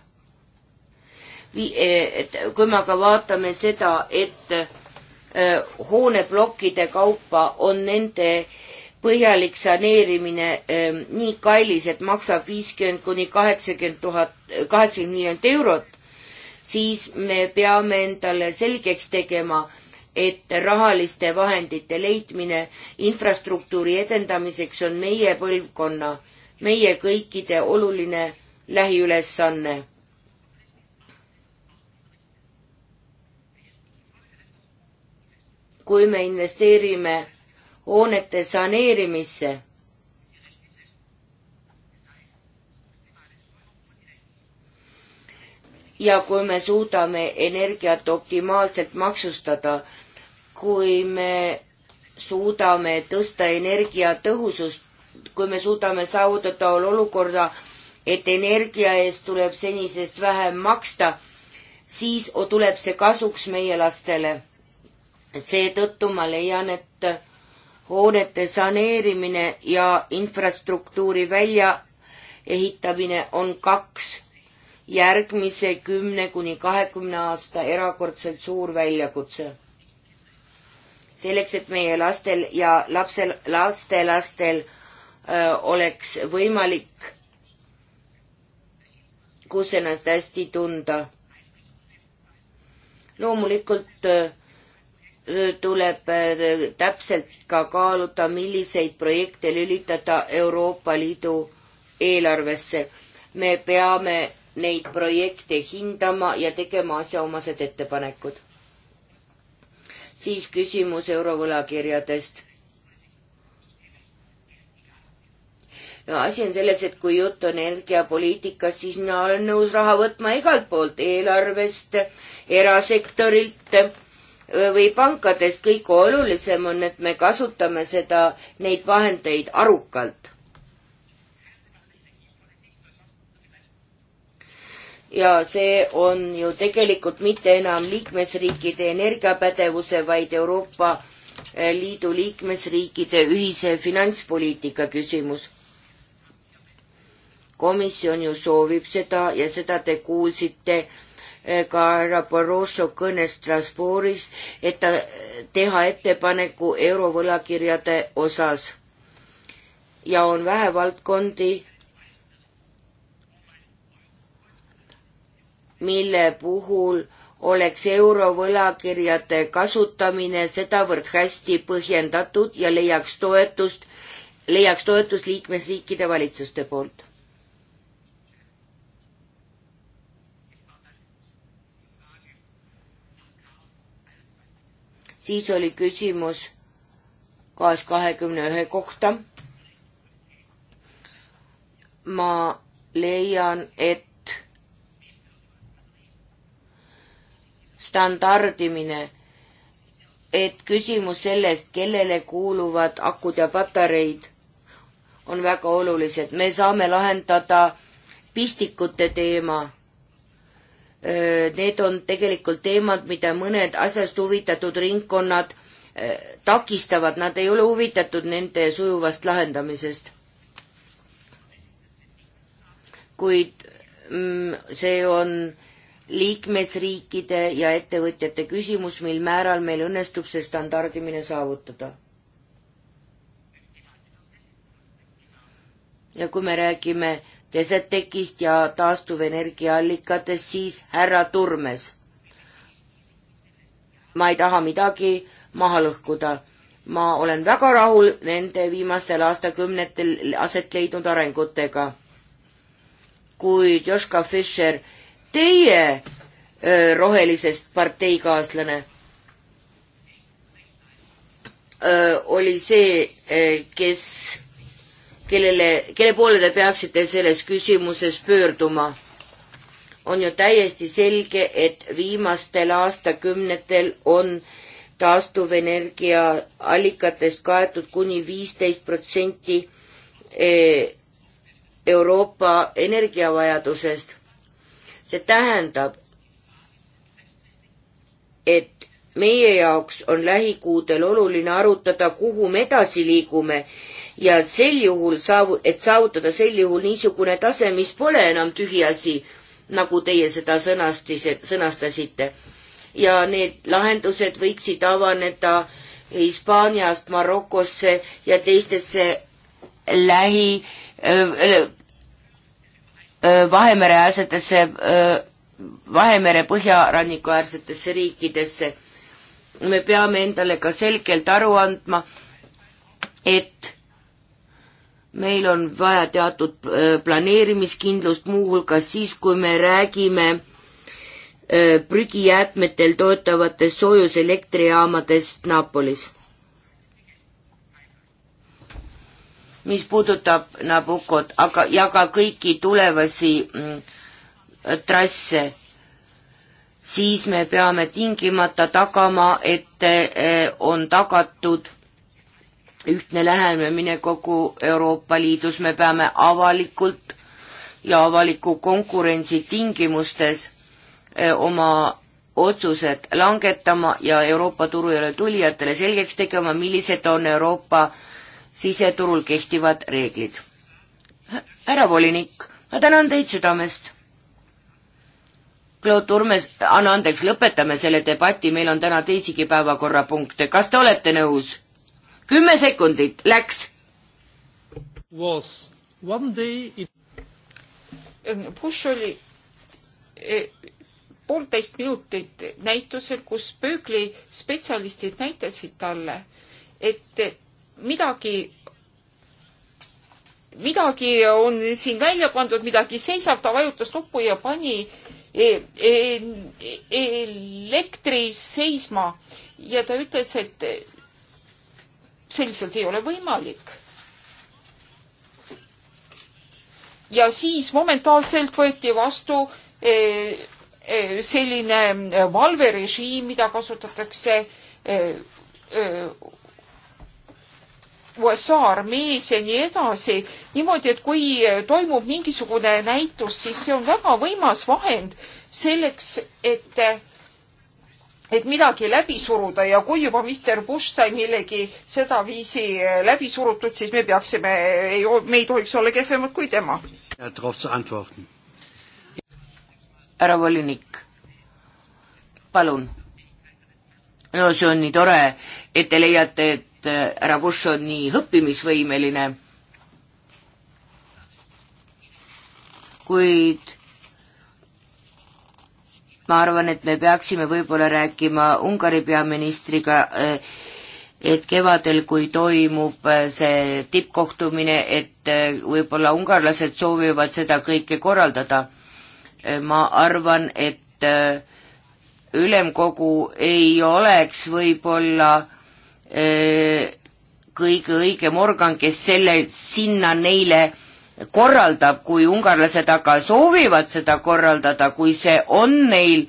Eh, kui me aga vaatame seda, et eh, hooneplokkide kaupa on nende põhjalik saneerimine eh, nii kallis, et maksab viiskümmend kuni kaheksakümmend tuhat, kaheksakümmend miljonit eurot, siis me peame endale selgeks tegema, et rahaliste vahendite leidmine infrastruktuuri edendamiseks on meie põlvkonna, meie kõikide oluline lähiülesanne kui me investeerime hoonete saneerimisse. ja kui me suudame energiat optimaalselt maksustada, kui me suudame tõsta energiatõhusust, kui me suudame saavutada olukorda, et energia eest tuleb senisest vähem maksta, siis tuleb see kasuks meie lastele seetõttu ma leian, et hoonete saneerimine ja infrastruktuuri väljaehitamine on kaks järgmise kümne kuni kahekümne aasta erakordselt suur väljakutse. selleks, et meie lastel ja lapsel, lastelastel öö, oleks võimalik, kus ennast hästi tunda. loomulikult öö, tuleb äh, täpselt ka kaaluda, milliseid projekte lülitada Euroopa Liidu eelarvesse. me peame neid projekte hindama ja tegema asjaomased ettepanekud. siis küsimus eurovõlakirjadest. no asi on selles, et kui jutt on energiapoliitikast, siis mina olen nõus raha võtma igalt poolt, eelarvest, erasektorilt või pankadest, kõige olulisem on, et me kasutame seda, neid vahendeid arukalt. ja see on ju tegelikult mitte enam liikmesriikide energiapädevuse, vaid Euroopa eh, Liidu liikmesriikide ühise finantspoliitika küsimus. komisjon ju soovib seda ja seda te kuulsite ka härra Barroso kõnes Strasbourgis, et ta teha ettepaneku eurovõlakirjade osas. ja on vähe valdkondi, mille puhul oleks eurovõlakirjade kasutamine sedavõrd hästi põhjendatud ja leiaks toetust, leiaks toetust liikmesriikide valitsuste poolt siis oli küsimus kaas kahekümne ühe kohta. ma leian, et standardimine, et küsimus sellest, kellele kuuluvad akud ja patareid, on väga olulised. me saame lahendada pistikute teema Äh, need on tegelikult teemad, mida mõned asjast huvitatud ringkonnad äh, takistavad, nad ei ole huvitatud nende sujuvast lahendamisest. kuid mm, see on liikmesriikide ja ettevõtjate küsimus, mil määral meil õnnestub see standardimine saavutada. ja kui me räägime desertekist ja taastuvenergiaallikatest, siis härra Turmes. ma ei taha midagi maha lõhkuda. ma olen väga rahul nende viimastel aastakümnetel aset leidnud arengutega. kuid Joška Fischer, teie rohelisest parteikaaslane oli see, kes kellele, kelle poole te peaksite selles küsimuses pöörduma? on ju täiesti selge, et viimastel aastakümnetel on taastuvenergia allikatest kaetud kuni viisteist protsenti eh, Euroopa energiavajadusest. see tähendab, et meie jaoks on lähikuudel oluline arutada, kuhu me edasi liigume ja sel juhul saavu-, et saavutada sel juhul niisugune tase, mis pole enam tühiasi, nagu teie seda sõnastised, sõnastasite. ja need lahendused võiksid avaneda Hispaaniast Marokosse ja teistesse lähi öö, äh, öö, äh, äh, Vahemere äärsetesse, Vahemere põhjaranniku äärsetesse riikidesse. me peame endale ka selgelt aru andma, et meil on vaja teatud äh, planeerimiskindlust, muuhulgas siis, kui me räägime äh, prügijäätmetel toetavatest soojuselektrijaamades Napolis. mis puudutab Nabucot, aga, ja ka kõiki tulevasi mm, trasse, siis me peame tingimata tagama, et äh, on tagatud ühtne lähenemine kogu Euroopa Liidus, me peame avalikult ja avaliku konkurentsi tingimustes eh, oma otsused langetama ja Euroopa turule tulijatele selgeks tegema, millised on Euroopa siseturul kehtivad reeglid. härra volinik, ma tänan teid südamest. Claude Urmes, anna andeks, lõpetame selle debati, meil on täna teisigi päevakorrapunkte, kas te olete nõus? kümme sekundit läks. It... Bush oli e, poolteist minutit näitusel, kus Böökli spetsialistid näitasid talle, et midagi, midagi on siin välja pandud, midagi seisab, ta vajutas nuppu ja pani e, e, elektri seisma ja ta ütles, et see lihtsalt ei ole võimalik. ja siis momentaalselt võeti vastu eh, eh, selline eh, valverežiim, mida kasutatakse USA armees ja nii edasi. niimoodi, et kui toimub mingisugune näitus, siis see on väga võimas vahend selleks, et et midagi läbi suruda ja kui juba Mr Bush sai millegi sedaviisi eh, läbi surutud, siis me peaksime, me ei tohiks olla kehvemad kui tema. härra volinik, palun. no see on nii tore, et te leiate, et eh, härra Bush on nii õppimisvõimeline. kuid ma arvan, et me peaksime võib-olla rääkima Ungari peaministriga, eh, et kevadel, kui toimub eh, see tippkohtumine, et eh, võib-olla ungarlased soovivad seda kõike korraldada. ma arvan, et ülemkogu ei oleks võib-olla kõige õigem organ, kes selle, sinna neile korraldab, kui ungarlased aga soovivad seda korraldada, kui see on neil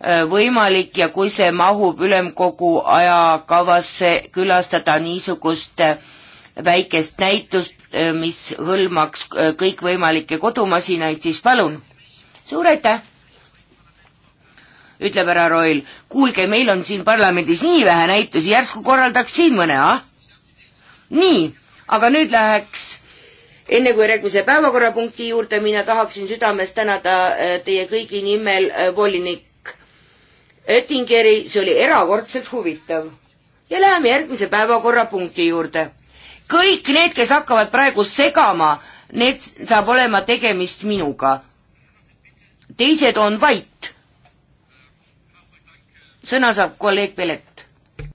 äh, võimalik ja kui see mahub ülemkogu ajakavasse külastada niisugust äh, väikest näitust, äh, mis hõlmaks kõikvõimalikke kodumasinaid, siis palun. suur aitäh! ütleb härra Roil, kuulge, meil on siin parlamendis nii vähe näitusi, järsku korraldaks siin mõne, ah? nii, aga nüüd läheks enne kui järgmise päevakorrapunkti juurde minna, tahaksin südamest tänada äh, teie kõigi nimel äh, volinik Oettingeri, see oli erakordselt huvitav. ja läheme järgmise päevakorrapunkti juurde. kõik need, kes hakkavad praegu segama, need saab olema tegemist minuga. teised on vait. sõna saab kolleeg Pelet.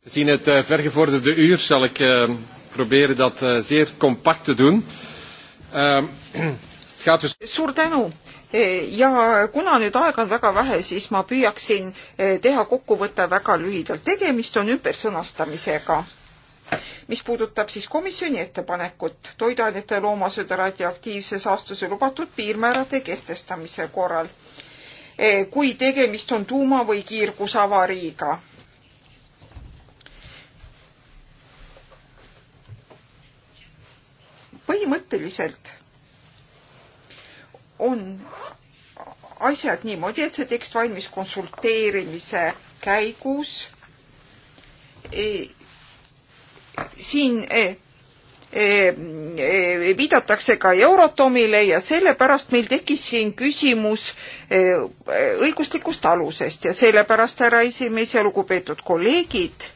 siin, et äh, vergevorderde uur, sal ik uh, proberen dat uh, zeer compact te doen uh, Ähm, suur tänu e, ja kuna nüüd aega on väga vähe, siis ma püüaksin e, teha kokkuvõtte väga lühidalt. tegemist on ümbersõnastamisega, mis puudutab siis komisjoni ettepanekut toiduainete loomasööda radioaktiivse saastuse lubatud piirmäärade kehtestamise korral, e, kui tegemist on tuuma- või kiirgusavariiga põhimõtteliselt on asjad niimoodi, et see tekst valmis konsulteerimise käigus. E, siin e, e, viidatakse ka Eurotomile ja sellepärast meil tekkis siin küsimus õiguslikust alusest ja sellepärast, härra esimees ja lugupeetud kolleegid,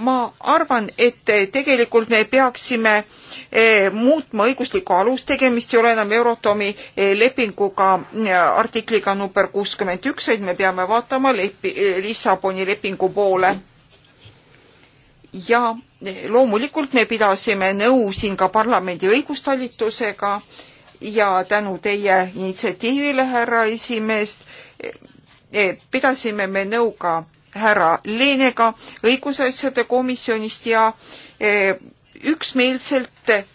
ma arvan, et eh, tegelikult me peaksime eh, muutma õiguslikku alust, tegemist ei ole enam Eurotomi eh, lepinguga artikliga number kuuskümmend üks, vaid me peame vaatama lepi-, Lissaboni lepingu poole. ja loomulikult me pidasime nõu siin ka parlamendi õigustalitusega ja tänu teie initsiatiivile, härra esimees, pidasime me nõu ka härra Leenega õigusasjade komisjonist ja eh, üksmeelselt eh,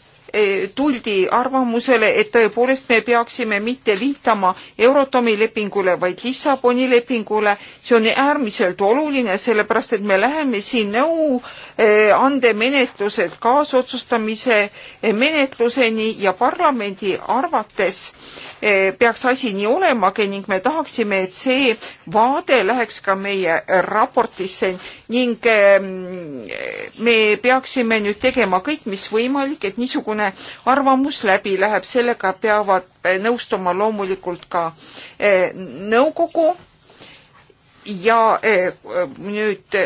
tuldi arvamusele, et tõepoolest me peaksime mitte viitama Eurotomi lepingule, vaid Lissaboni lepingule. see on äärmiselt oluline, sellepärast et me läheme siin nõu Eh, andemenetlused kaasotsustamise eh, menetluseni ja parlamendi arvates eh, peaks asi nii olemagi ning me tahaksime, et see vaade läheks ka meie raportisse ning me peaksime nüüd tegema kõik, mis võimalik, et niisugune arvamus läbi läheb, sellega peavad nõustuma loomulikult ka nõukogu ja nüüd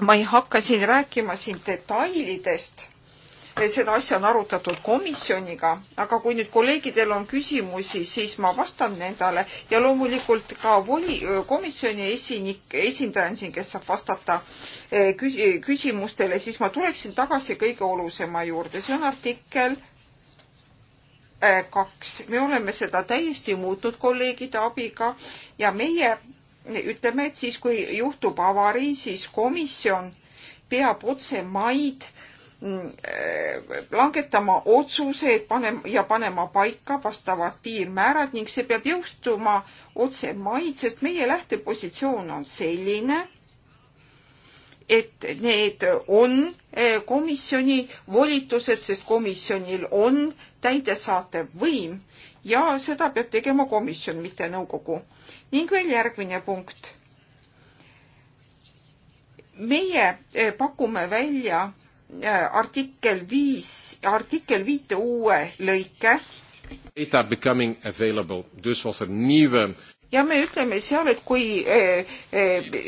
ma ei hakka siin rääkima siin detailidest, seda asja on arutatud komisjoniga, aga kui nüüd kolleegidel on küsimusi, siis ma vastan nendele ja loomulikult ka voli, komisjoni esinik, esindaja on siin, kes saab vastata eh, küsi-, küsimustele, siis ma tuleksin tagasi kõige olulisema juurde, see on artikkel eh, kaks, me oleme seda täiesti muutnud kolleegide abiga ja meie ütleme, et siis, kui juhtub avarii, siis komisjon peab otse maid mm, äh, langetama otsuse, et panema ja panema paika vastavad piirmäärad ning see peab jõustuma otse maid, sest meie lähtepositsioon on selline, et need on äh, komisjoni volitused, sest komisjonil on täidesaatev võim ja seda peab tegema komisjon, mitte nõukogu. ning veel järgmine punkt. meie eh, pakume välja eh, artikkel viis, artikkel viite uue lõike. Data becoming available, dus was er nieuwe um, ja me ütleme seal, et kui eh,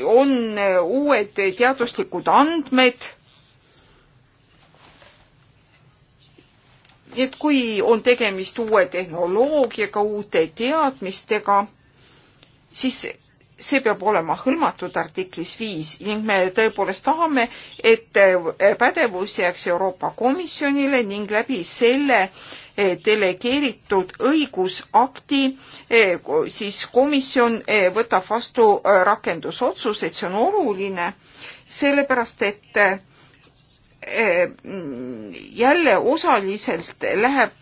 on uued teaduslikud andmed, et kui on tegemist uue tehnoloogiaga, uute teadmistega, siis see peab olema hõlmatud artiklis viis ning me tõepoolest tahame, et eh, pädevus jääks Euroopa Komisjonile ning läbi selle eh, delegeeritud õigusakti eh, siis komisjon võtab vastu rakendusotsuseid, see on oluline, sellepärast et jälle osaliselt läheb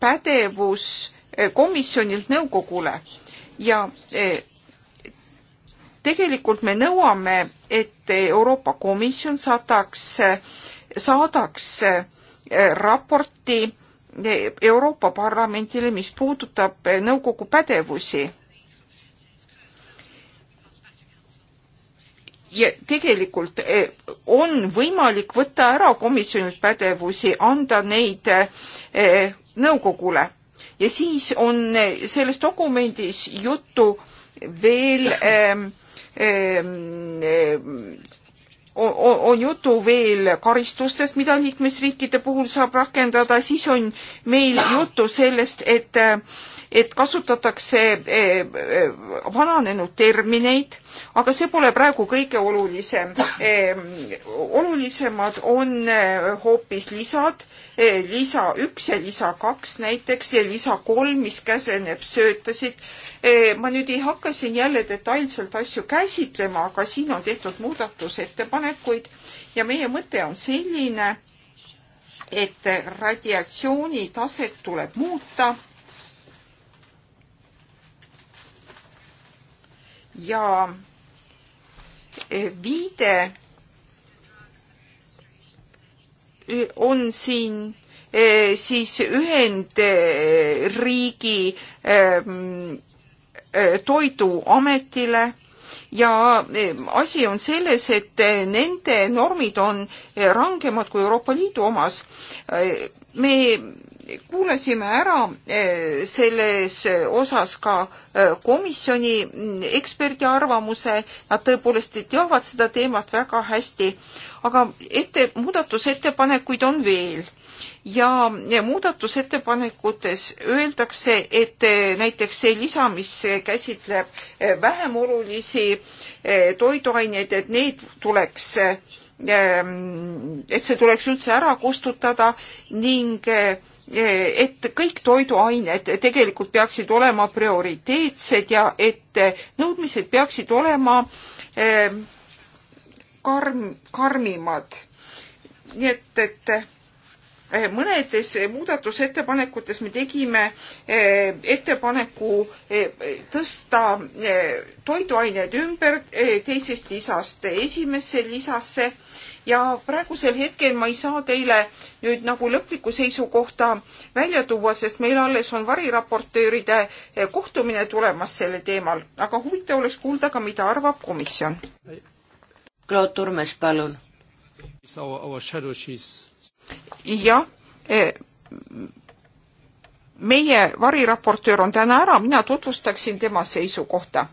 pädevus komisjonilt nõukogule ja e, tegelikult me nõuame, et Euroopa Komisjon saadaks, saadaks e, raporti e, Euroopa Parlamendile, mis puudutab nõukogu pädevusi ja tegelikult e, on võimalik võtta ära komisjonilt pädevusi, anda neid e, nõukogule ja siis on e, selles dokumendis juttu veel on jutu veel karistustest, mida liikmesriikide puhul saab rakendada, siis on meil juttu sellest, et et kasutatakse eh, eh, vananenud termineid, aga see pole praegu kõige olulisem. Eh, olulisemad on hoopis lisad, lisa üks ja lisa kaks näiteks ja lisa kolm, mis käseneb söötasid. ma nüüd ei hakka siin jälle detailselt asju käsitlema, aga siin on tehtud muudatusettepanekuid ja meie mõte on selline, et radiatsiooni taset tuleb muuta ja eh, viide eh, on siin eh, siis Ühendriigi ehm, toiduametile ja asi on selles, et nende normid on rangemad kui Euroopa Liidu omas. me kuulasime ära eh, selles osas ka eh, komisjoni mm, eksperdi arvamuse, nad tõepoolest teavad seda teemat väga hästi, aga ette, muudatusettepanekuid on veel ja muudatusettepanekutes öeldakse, et eh, näiteks see lisa, mis käsitleb vähem olulisi toiduaineid, et need tuleks mm, et see tuleks üldse ära kustutada ning Eh, et kõik toiduained tegelikult peaksid olema prioriteetsed ja et nõudmised peaksid olema eh, karm, karmimad. nii et, et eh, mõnedes muudatusettepanekutes me tegime ettepaneku tõsta toiduained ümber teisest lisast esimesse lisasse ja praegusel hetkel ma ei saa teile nüüd nagu lõplikku seisukohta välja tuua, sest meil alles on variraportööride eh, kohtumine tulemas sellel teemal, aga huvitav oleks kuulda ka, mida arvab komisjon. Claude Turmes, palun. jah eh, meie variraportöör on täna ära, mina tutvustaksin tema seisukohta.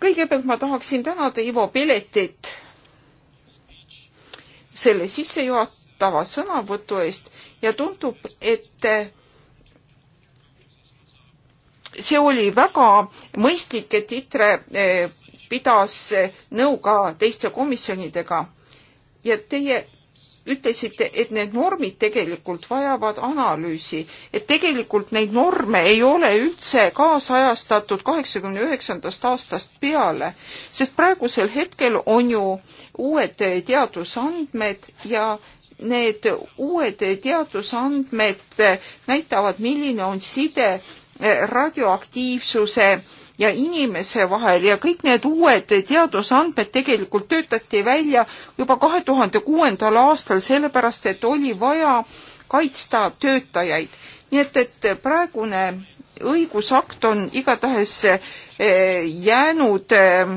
kõigepealt ma tahaksin tänada Ivo Peletit selle sissejuhatava sõnavõtu eest ja tundub, et see oli väga mõistlik, et ITRE eh, pidas eh, nõu ka teiste komisjonidega ja teie ütlesite, et need normid tegelikult vajavad analüüsi, et tegelikult neid norme ei ole üldse kaasajastatud kaheksakümne üheksandast aastast peale, sest praegusel hetkel on ju uued teadusandmed ja need uued teadusandmed näitavad, milline on side radioaktiivsuse ja inimese vahel ja kõik need uued teadusandmed tegelikult töötati välja juba kahe tuhande kuuendal aastal, sellepärast et oli vaja kaitsta töötajaid. nii et, et praegune õigusakt on igatahes eh, jäänud eh,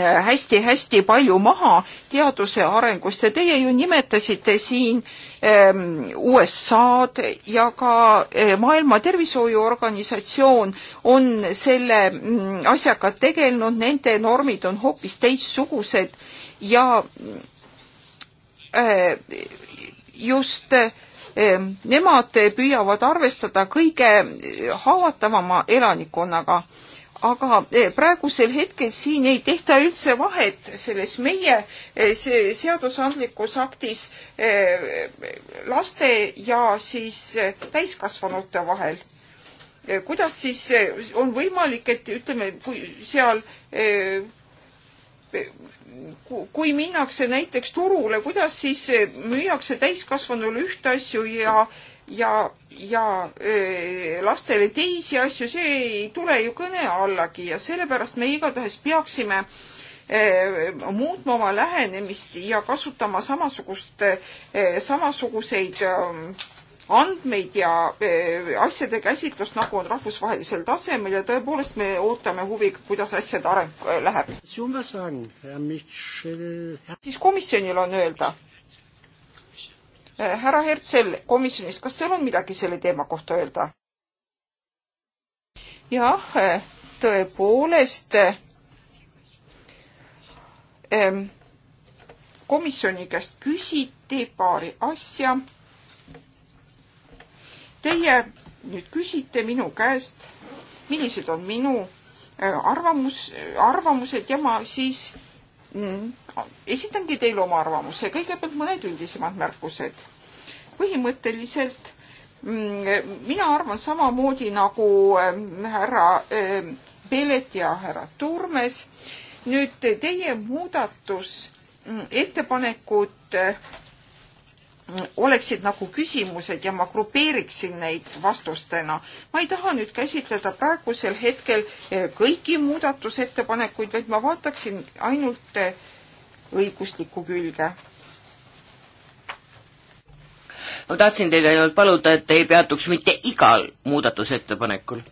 hästi-hästi palju maha teaduse arengust ja teie ju nimetasite siin ehm, USA-d ja ka eh, Maailma Tervishoiuorganisatsioon on selle mm, asjaga tegelenud, nende normid on hoopis teistsugused ja eh, just ehm, nemad püüavad arvestada kõige haavatavama elanikkonnaga aga eh, praegusel hetkel siin ei tehta üldse vahet selles meie eh, seadusandlikus aktis eh, laste ja siis täiskasvanute vahel. kuidas siis on võimalik, et ütleme, kui seal kui minnakse näiteks turule, kuidas siis müüakse täiskasvanule ühte asju ja ja, ja öö, lastele teisi asju, see ei tule ju kõne allagi ja sellepärast me igatahes peaksime öö, muutma oma lähenemist ja kasutama samasugust, samasuguseid öö, andmeid ja asjade käsitlust, nagu on rahvusvahelisel tasemel ja tõepoolest me ootame huviga, kuidas asjade areng läheb. siis komisjonil on öelda Eh, härra Hertsel komisjonist, kas teil on midagi selle teema kohta öelda? jah, eh, tõepoolest eh, komisjoni käest küsiti paari asja. Teie nüüd küsite minu käest, millised on minu arvamus, arvamused ja ma siis mm, esitangi teile oma arvamuse, kõigepealt mõned üldisemad märkused. põhimõtteliselt mm, mina arvan samamoodi nagu mm, härra mm, Pelet ja härra Turmes. nüüd teie muudatusettepanekud oleksid nagu küsimused ja ma grupeeriksin neid vastustena. ma ei taha nüüd käsitleda praegusel hetkel eh, kõiki muudatusettepanekuid, vaid ma vaataksin ainult eh, õiguslikku külge. ma tahtsin teid ainult paluda, et ei peatuks mitte igal muudatusettepanekul.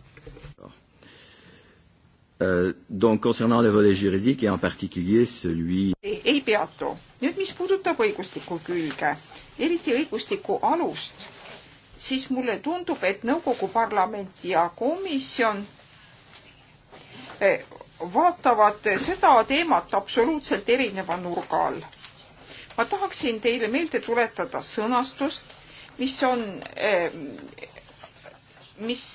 Euh, donc concernant le volet juridique et en particulier celui ei, ei peatu. nüüd, mis puudutab õiguslikku külge, eriti õiguslikku alust, siis mulle tundub, et nõukogu parlament ja komisjon eh, vaatavad seda teemat absoluutselt erineva nurga all. ma tahaksin teile meelde tuletada sõnastust, mis on, eh, mis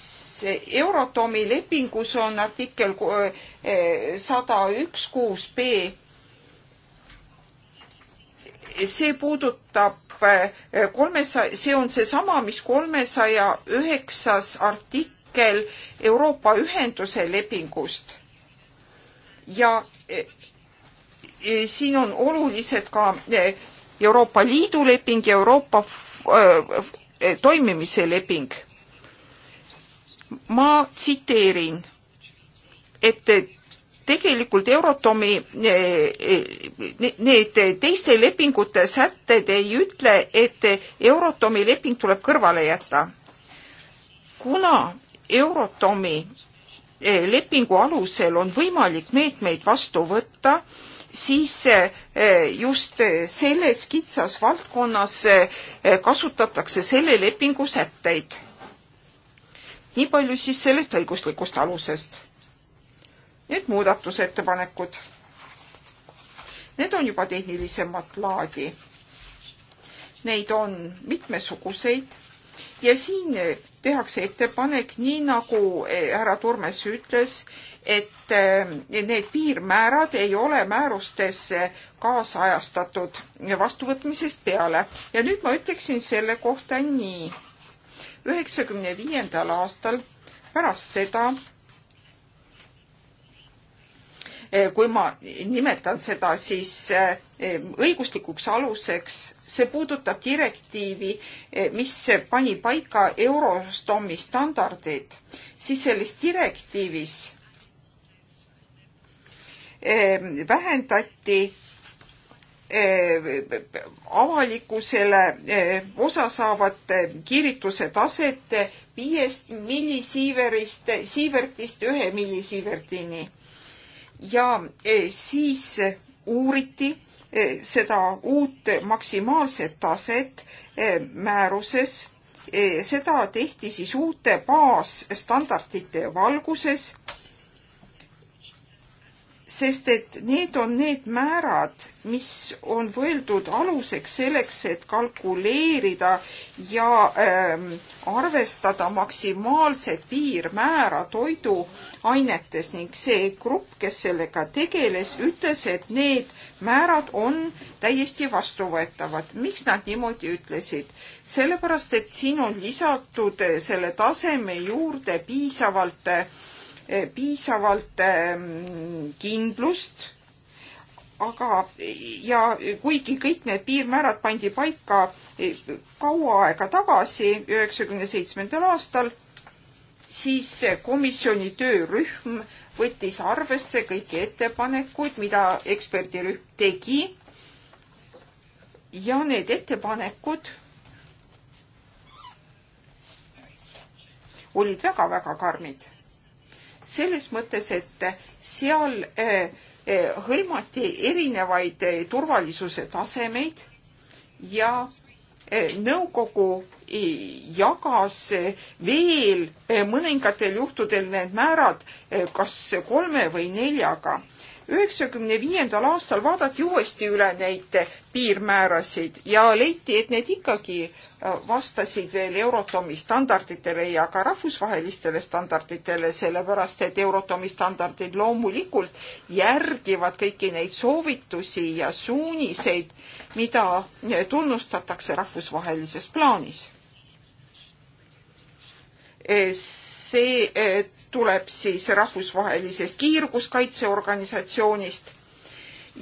Euratomi lepingus on artikkel eh, sada üks kuus B. see puudutab eh, kolmesaja, see on seesama, mis kolmesaja üheksas artikkel Euroopa Ühenduse lepingust ja e, e, siin on olulised ka e, Euroopa Liidu leping ja Euroopa toimimise leping. ma tsiteerin, et tegelikult Eurotomi need teiste lepingute sätted ei ütle, et Eurotomi leping tuleb kõrvale jätta. kuna Eurotomi lepingu alusel on võimalik meetmeid vastu võtta, siis eh, just selles kitsas valdkonnas eh, kasutatakse selle lepingu sätteid. nii palju siis sellest õiguslikust alusest. Need muudatusettepanekud. Need on juba tehnilisemat laadi. Neid on mitmesuguseid ja siin eh, tehakse ettepanek, nii nagu eh, härra Turmes ütles, et eh, need piirmäärad ei ole määrustes kaasajastatud vastuvõtmisest peale ja nüüd ma ütleksin selle kohta nii. üheksakümne viiendal aastal pärast seda, Eh, kui ma nimetan seda siis eh, õiguslikuks aluseks, see puudutab direktiivi, eh, mis pani paika Eurostomi standardid, siis selles direktiivis vähendati avalikkusele osa saavat kiirituse taset viiest millisiiverist, siivertist ühe millisiivertini ja eh, siis uuriti eh, seda uut maksimaalset taset eh, määruses. seda tehti siis uute baasstandardite valguses sest et need on need määrad, mis on võeldud aluseks selleks, et kalkuleerida ja ähm, arvestada maksimaalset piirmäära toiduainetes ning see grupp, kes sellega tegeles, ütles, et need määrad on täiesti vastuvõetavad. miks nad niimoodi ütlesid? sellepärast, et siin on lisatud selle taseme juurde piisavalt äh, Eh, piisavalt ehm, kindlust, aga ja kuigi kõik need piirmäärad pandi paika eh, kaua aega tagasi, üheksakümne seitsmendal aastal, siis komisjoni töörühm võttis arvesse kõiki ettepanekuid, mida eksperdirühm tegi. ja need ettepanekud olid väga-väga karmid selles mõttes, et seal äh, äh, hõlmati erinevaid äh, turvalisuse tasemeid ja nõukogu jagas veel mõningatel juhtudel need määrad kas kolme või neljaga üheksakümne viiendal aastal vaadati uuesti üle neid piirmäärasid ja leiti, et need ikkagi äh, vastasid veel Eurotomi standarditele ja ka rahvusvahelistele standarditele, sellepärast et Eurotomi standardid loomulikult järgivad kõiki neid soovitusi ja suuniseid, mida äh, tunnustatakse rahvusvahelises plaanis see eh, tuleb siis rahvusvahelisest kiirguskaitseorganisatsioonist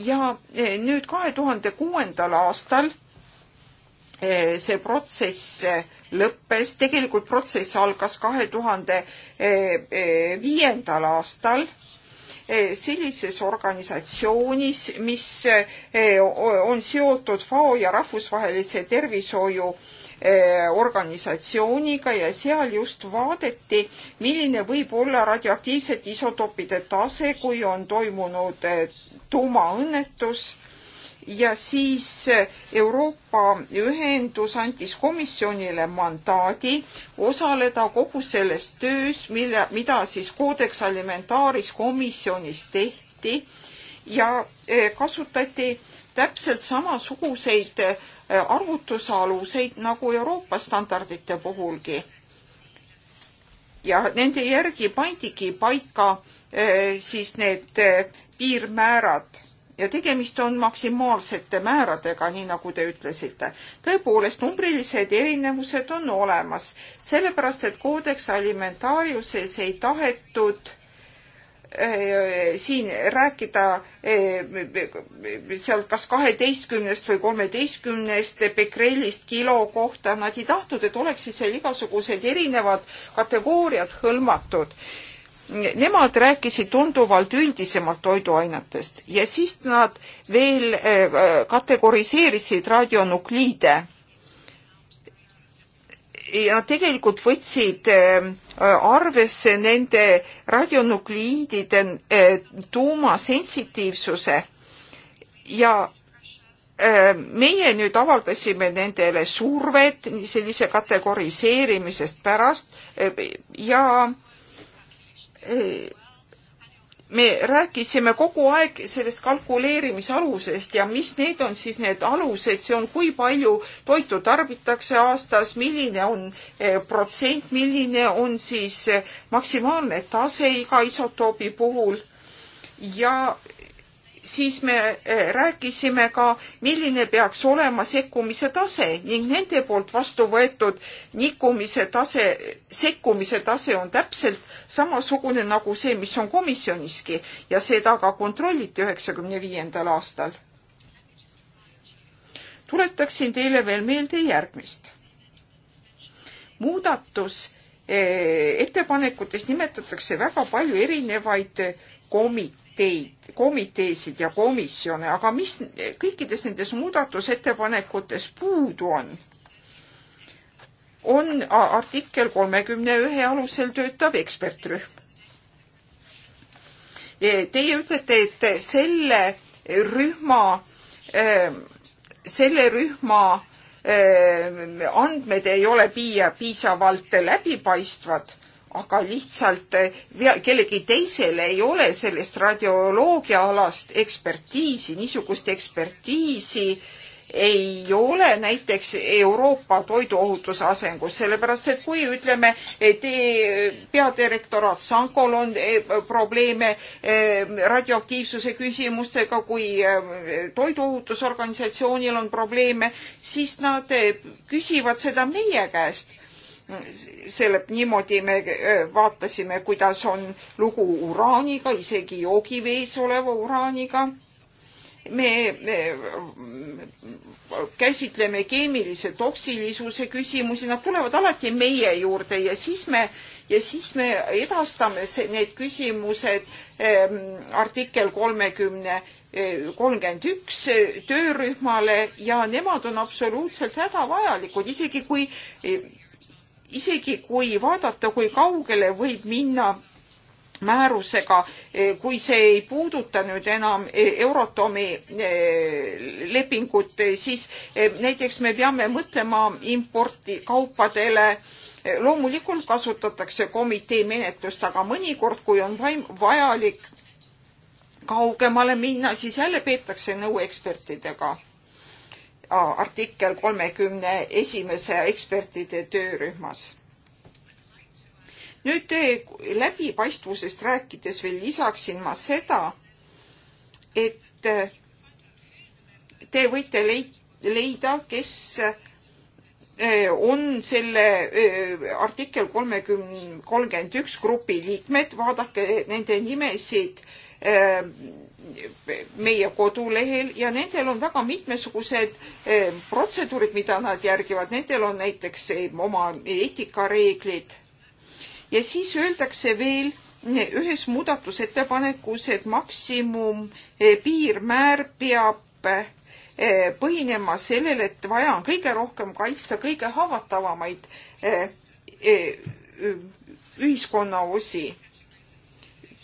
ja eh, nüüd kahe tuhande kuuendal aastal eh, see protsess lõppes, tegelikult protsess algas kahe tuhande viiendal aastal sellises organisatsioonis, mis on seotud FAO ja Rahvusvahelise Tervishoiu Eh, organisatsiooniga ja seal just vaadati, milline võib olla radioaktiivsete isotoopide tase, kui on toimunud eh, tuumaõnnetus ja siis eh, Euroopa Ühendus andis komisjonile mandaadi osaleda kogu selles töös, mille, mida siis Codex Alimentaaris komisjonis tehti ja kasutati täpselt samasuguseid äh, arvutusaluseid nagu Euroopa standardite puhulgi. ja nende järgi pandigi paika äh, siis need äh, piirmäärad ja tegemist on maksimaalsete määradega, nii nagu te ütlesite. tõepoolest, numbrilised erinevused on olemas, sellepärast et koodeks alimentariuses ei tahetud Eh, siin rääkida eh, seal kas kaheteistkümnest või kolmeteistkümnest bekrellist kilo kohta, nad ei tahtnud, et oleksid seal igasugused erinevad kategooriad hõlmatud. Nemad rääkisid tunduvalt üldisemalt toiduainetest ja siis nad veel eh, kategoriseerisid radionukliide ja tegelikult võtsid ähm, arvesse nende radionukliidide äh, tuumasensitiivsuse ja äh, meie nüüd avaldasime nendele survet sellise kategoriseerimisest pärast äh, ja me rääkisime kogu aeg sellest kalkuleerimisalusest ja mis need on siis need alused, see on, kui palju toitu tarbitakse aastas, milline on eh, protsent, milline on siis eh, maksimaalne tase iga isotoobi puhul ja siis me eh, rääkisime ka, milline peaks olema sekkumise tase ning nende poolt vastu võetud nikumise tase, sekkumise tase on täpselt samasugune nagu see, mis on komisjoniski ja seda ka kontrolliti üheksakümne viiendal aastal. tuletaksin teile veel meelde järgmist. muudatus eh, ettepanekutes nimetatakse väga palju erinevaid komiteid komiteid, komiteesid ja komisjone, aga mis kõikides nendes muudatusettepanekutes puudu on? on artikkel kolmekümne ühe alusel töötav ekspertrühm. Teie ütlete, et selle rühma, ähm, selle rühma ähm, andmed ei ole piia-, piisavalt läbipaistvad aga lihtsalt eh, kellelgi teisel ei ole sellest radioloogiaalast ekspertiisi, niisugust ekspertiisi ei ole näiteks Euroopa toiduohutuse asengus, sellepärast et kui ütleme, eh, peadirektoraat Sankol on eh, probleeme radioaktiivsuse küsimustega, kui toiduohutusorganisatsioonil on probleeme, siis nad küsivad seda meie käest selle niimoodi me vaatasime, kuidas on lugu uraaniga, isegi joogivees oleva uraaniga. me käsitleme keemilise toksilisuse küsimusi, nad tulevad alati meie juurde ja siis me ja siis me edastame see, need küsimused ähm, artikkel kolmekümne e, kolmkümmend üks e, töörühmale ja nemad on absoluutselt hädavajalikud, isegi kui e, isegi kui vaadata, kui kaugele võib minna määrusega, eh, kui see ei puuduta nüüd enam eh, Eurotomi eh, lepingut, siis näiteks me peame mõtlema importi kaupadele loomulikult kasutatakse komitee menetlust, aga mõnikord, kui on vajalik kaugemale minna, siis jälle peetakse nõu ekspertidega artikkel kolmekümne esimese ekspertide töörühmas. nüüd läbipaistvusest rääkides veel lisaksin ma seda, et eh, te võite leida, kes eh, on selle eh, artikkel kolmekümne, kolmkümmend üks grupi liikmed, vaadake nende nimesid Ehm, meie kodulehel ja nendel on väga mitmesugused ehm, protseduurid, mida nad järgivad, nendel on näiteks ehm, oma eetikareeglid. ja siis öeldakse veel ühes muudatusettepanekus, et maksimum eh, piirmäär peab eh, põhinema sellel, et vaja on kõige rohkem kaitsta kõige haavatavamaid eh, ühiskonnaosi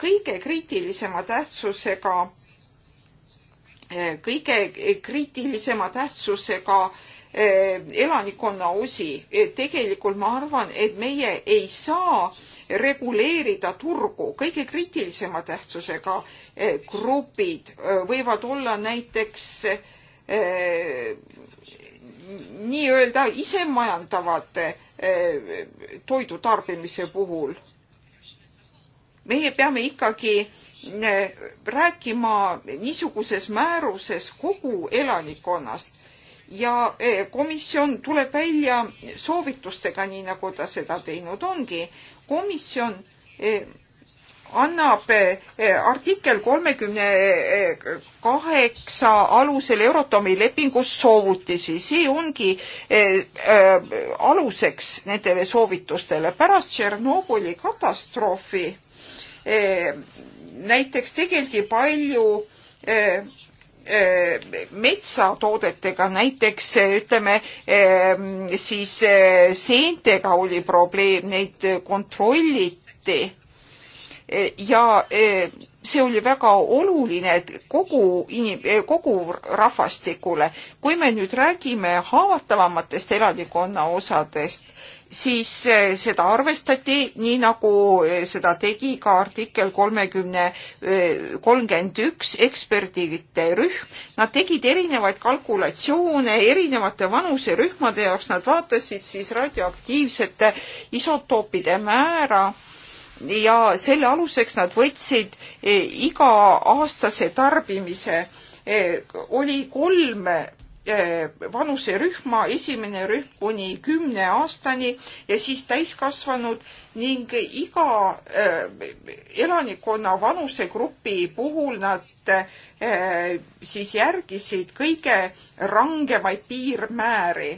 kõige kriitilisema tähtsusega, kõige kriitilisema tähtsusega eh, elanikkonna osi. Eh, tegelikult ma arvan, et meie ei saa reguleerida turgu. kõige kriitilisema tähtsusega eh, grupid võivad olla näiteks nii-öelda isemajandavad toidu tarbimise puhul meie peame ikkagi eh, rääkima niisuguses määruses kogu elanikkonnast ja eh, komisjon tuleb välja soovitustega, nii nagu ta seda teinud ongi. komisjon eh, annab artikkel kolmekümne kaheksa alusel Eurotomi lepingus soovutisi, see ongi aluseks nendele soovitustele. pärast Tšernobõli katastroofi Eh, näiteks tegeldi palju eh, eh, metsatoodetega, näiteks ütleme siis seentega oli probleem, neid kontrolliti ja see oli väga oluline kogu inim-, kogu rahvastikule. kui me nüüd räägime haavatavamatest elanikkonna osadest, siis eh, seda arvestati, nii nagu eh, seda tegi ka artikkel kolmekümne, eh, kolmkümmend üks eksperdite rühm. Nad tegid erinevaid kalkulatsioone erinevate vanuserühmade jaoks, nad vaatasid siis radioaktiivsete isotoopide määra ja selle aluseks nad võtsid iga-aastase tarbimise oli kolm Eh, vanuserühma, esimene rühm kuni kümne aastani ja siis täiskasvanud ning iga eh, elanikkonna vanusegrupi puhul nad eh, siis järgisid kõige rangemaid piirmääri.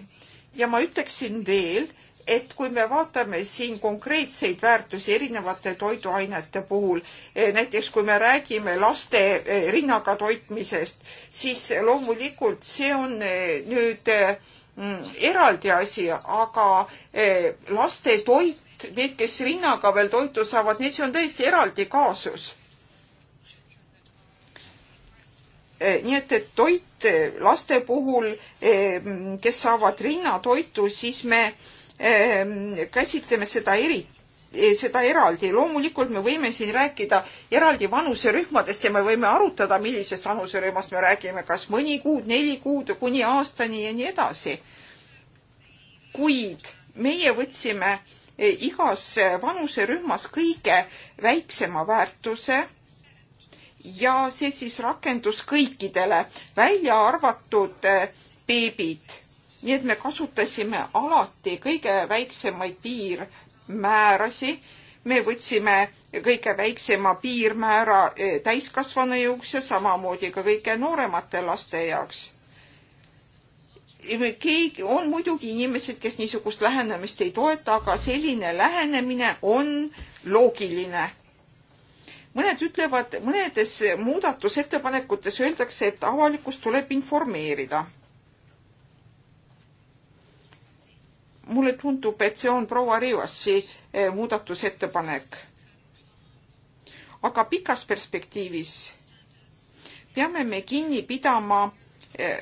ja ma ütleksin veel, et kui me vaatame siin konkreetseid väärtusi erinevate toiduainete puhul, eh, näiteks kui me räägime laste eh, rinnaga toitmisest, siis loomulikult see on eh, nüüd mm, eraldi asi, aga laste toit, need, kes rinnaga veel toitu saavad, need, see on täiesti eraldi kaasus nii et, et toit laste puhul, mm, kes saavad rinnatoitu, siis me Ehm, käsitleme seda eri, eh, seda eraldi. loomulikult me võime siin rääkida eraldi vanuserühmadest ja me võime arutada, millisest vanuserühmast me räägime, kas mõni kuud, neli kuud kuni aastani ja nii edasi. kuid meie võtsime eh, igas vanuserühmas kõige väiksema väärtuse ja see siis rakendus kõikidele, välja arvatud eh, beebid nii et me kasutasime alati kõige väiksemaid piirmäärasi. me võtsime kõige väiksema piirmäära e, täiskasvanu jaoks ja samamoodi ka kõige nooremate laste jaoks keegi, on muidugi inimesed, kes niisugust lähenemist ei toeta, aga selline lähenemine on loogiline. mõned ütlevad, mõnedes muudatusettepanekutes öeldakse, et avalikkust tuleb informeerida. mulle tundub, et see on proua Rivasi eh, muudatusettepanek. aga pikas perspektiivis peame me kinni pidama eh,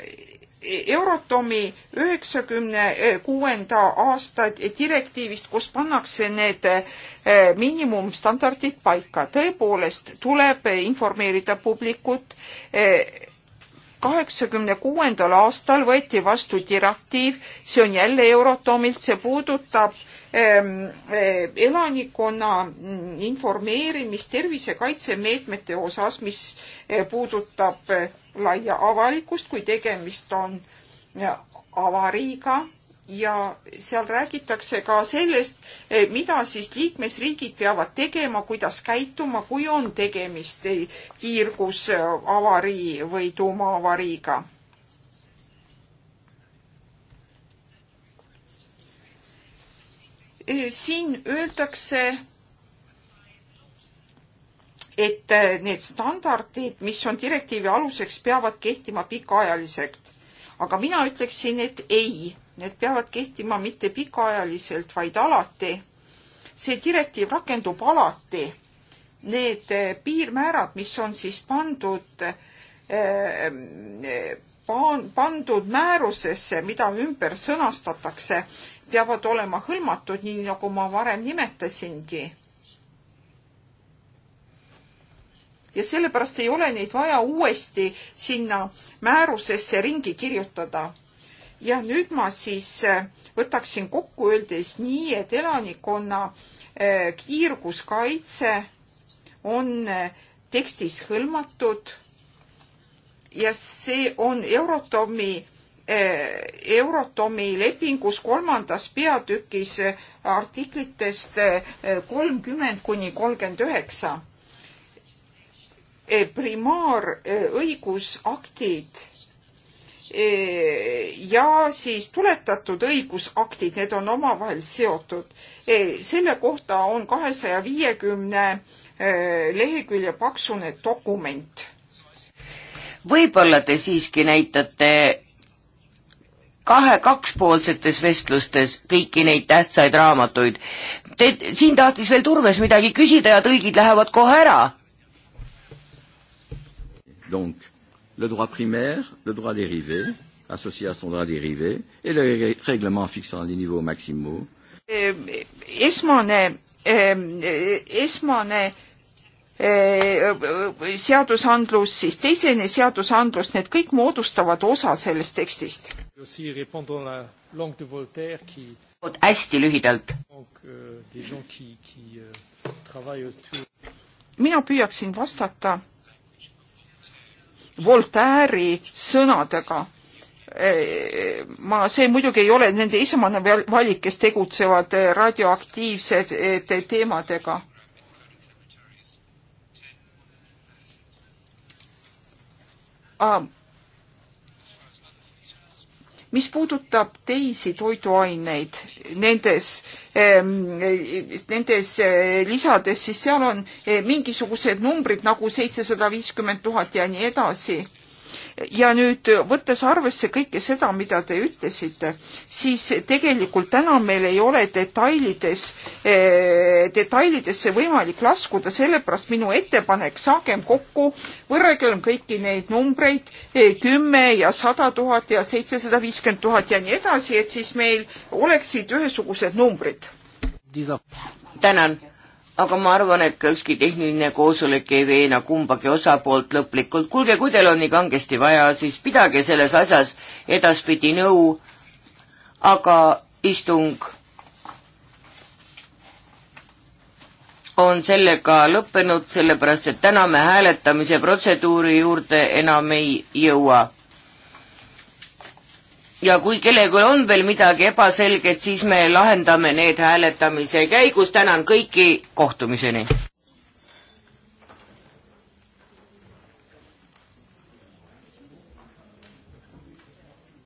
Euratomi üheksakümne kuuenda aasta direktiivist, kus pannakse need eh, miinimumstandardid paika. tõepoolest tuleb informeerida publikut kaheksakümne kuuendal aastal võeti vastu direktiiv, see on jälle Euratomilt, see puudutab ehm, eh, elanikkonna mm, informeerimist tervisekaitsemeetmete osas, mis eh, puudutab eh, laia avalikkust, kui tegemist on avariiga ja seal räägitakse ka sellest, eh, mida siis liikmesriigid peavad tegema, kuidas käituma, kui on tegemist eh, kiirgusavarii eh, või tuumaavariiga. siin öeldakse, et need standardid, mis on direktiivi aluseks, peavad kehtima pikaajaliselt. aga mina ütleksin, et ei need peavad kehtima mitte pikaajaliselt, vaid alati. see direktiiv rakendub alati. Need eh, piirmäärad, mis on siis pandud eh, pandud määrusesse, mida ümber sõnastatakse, peavad olema hõlmatud, nii nagu ma varem nimetasingi. ja sellepärast ei ole neid vaja uuesti sinna määrusesse ringi kirjutada ja nüüd ma siis äh, võtaksin kokku öeldes nii, et elanikkonna äh, kiirguskaitse on äh, tekstis hõlmatud ja see on Eurotomi Eurotomi lepingus kolmandas peatükis artiklitest kolmkümmend kuni kolmkümmend üheksa. primaarõigusaktid ja siis tuletatud õigusaktid, need on omavahel seotud. selle kohta on kahesaja viiekümne lehekülje paksune dokument. võib-olla te siiski näitate kahe kakspoolsetes vestlustes kõiki neid tähtsaid raamatuid. Te, siin tahtis veel Turves midagi küsida ja tõlgid lähevad kohe ära. Donc le droit primaire, le droit dérivé, associé à son droit dérivé, et le règlement fixant les niveaux maximaux. esmane, euh, esmane euh, euh, seadusandlus, siis teisene seadusandlus, need kõik moodustavad osa sellest tekstist. hästi lühidalt. mina püüaksin vastata Voltaire'i sõnadega. E, ma, see muidugi ei ole nende esmane valik, kes tegutsevad e, radioaktiivsete e, teemadega. Um, mis puudutab teisi toiduaineid nendes, ehm, nendes eh, lisades, siis seal on eh, mingisugused numbrid nagu seitsesada viiskümmend tuhat ja nii edasi ja nüüd võttes arvesse kõike seda, mida te ütlesite, siis tegelikult täna meil ei ole detailides, eh, detailidesse võimalik laskuda, sellepärast minu ettepanek, saagem kokku, võrrelgem kõiki neid numbreid, eh, kümme ja sada tuhat ja seitsesada viiskümmend tuhat ja nii edasi, et siis meil oleksid ühesugused numbrid. tänan aga ma arvan, et ka ükski tehniline koosolek ei veena kumbagi osapoolt lõplikult. kuulge, kui teil on nii kangesti vaja, siis pidage selles asjas edaspidi nõu, aga istung on sellega lõppenud, sellepärast et täna me hääletamise protseduuri juurde enam ei jõua ja kui kellelgi on veel midagi ebaselget, siis me lahendame need hääletamise käigus. tänan kõiki, kohtumiseni!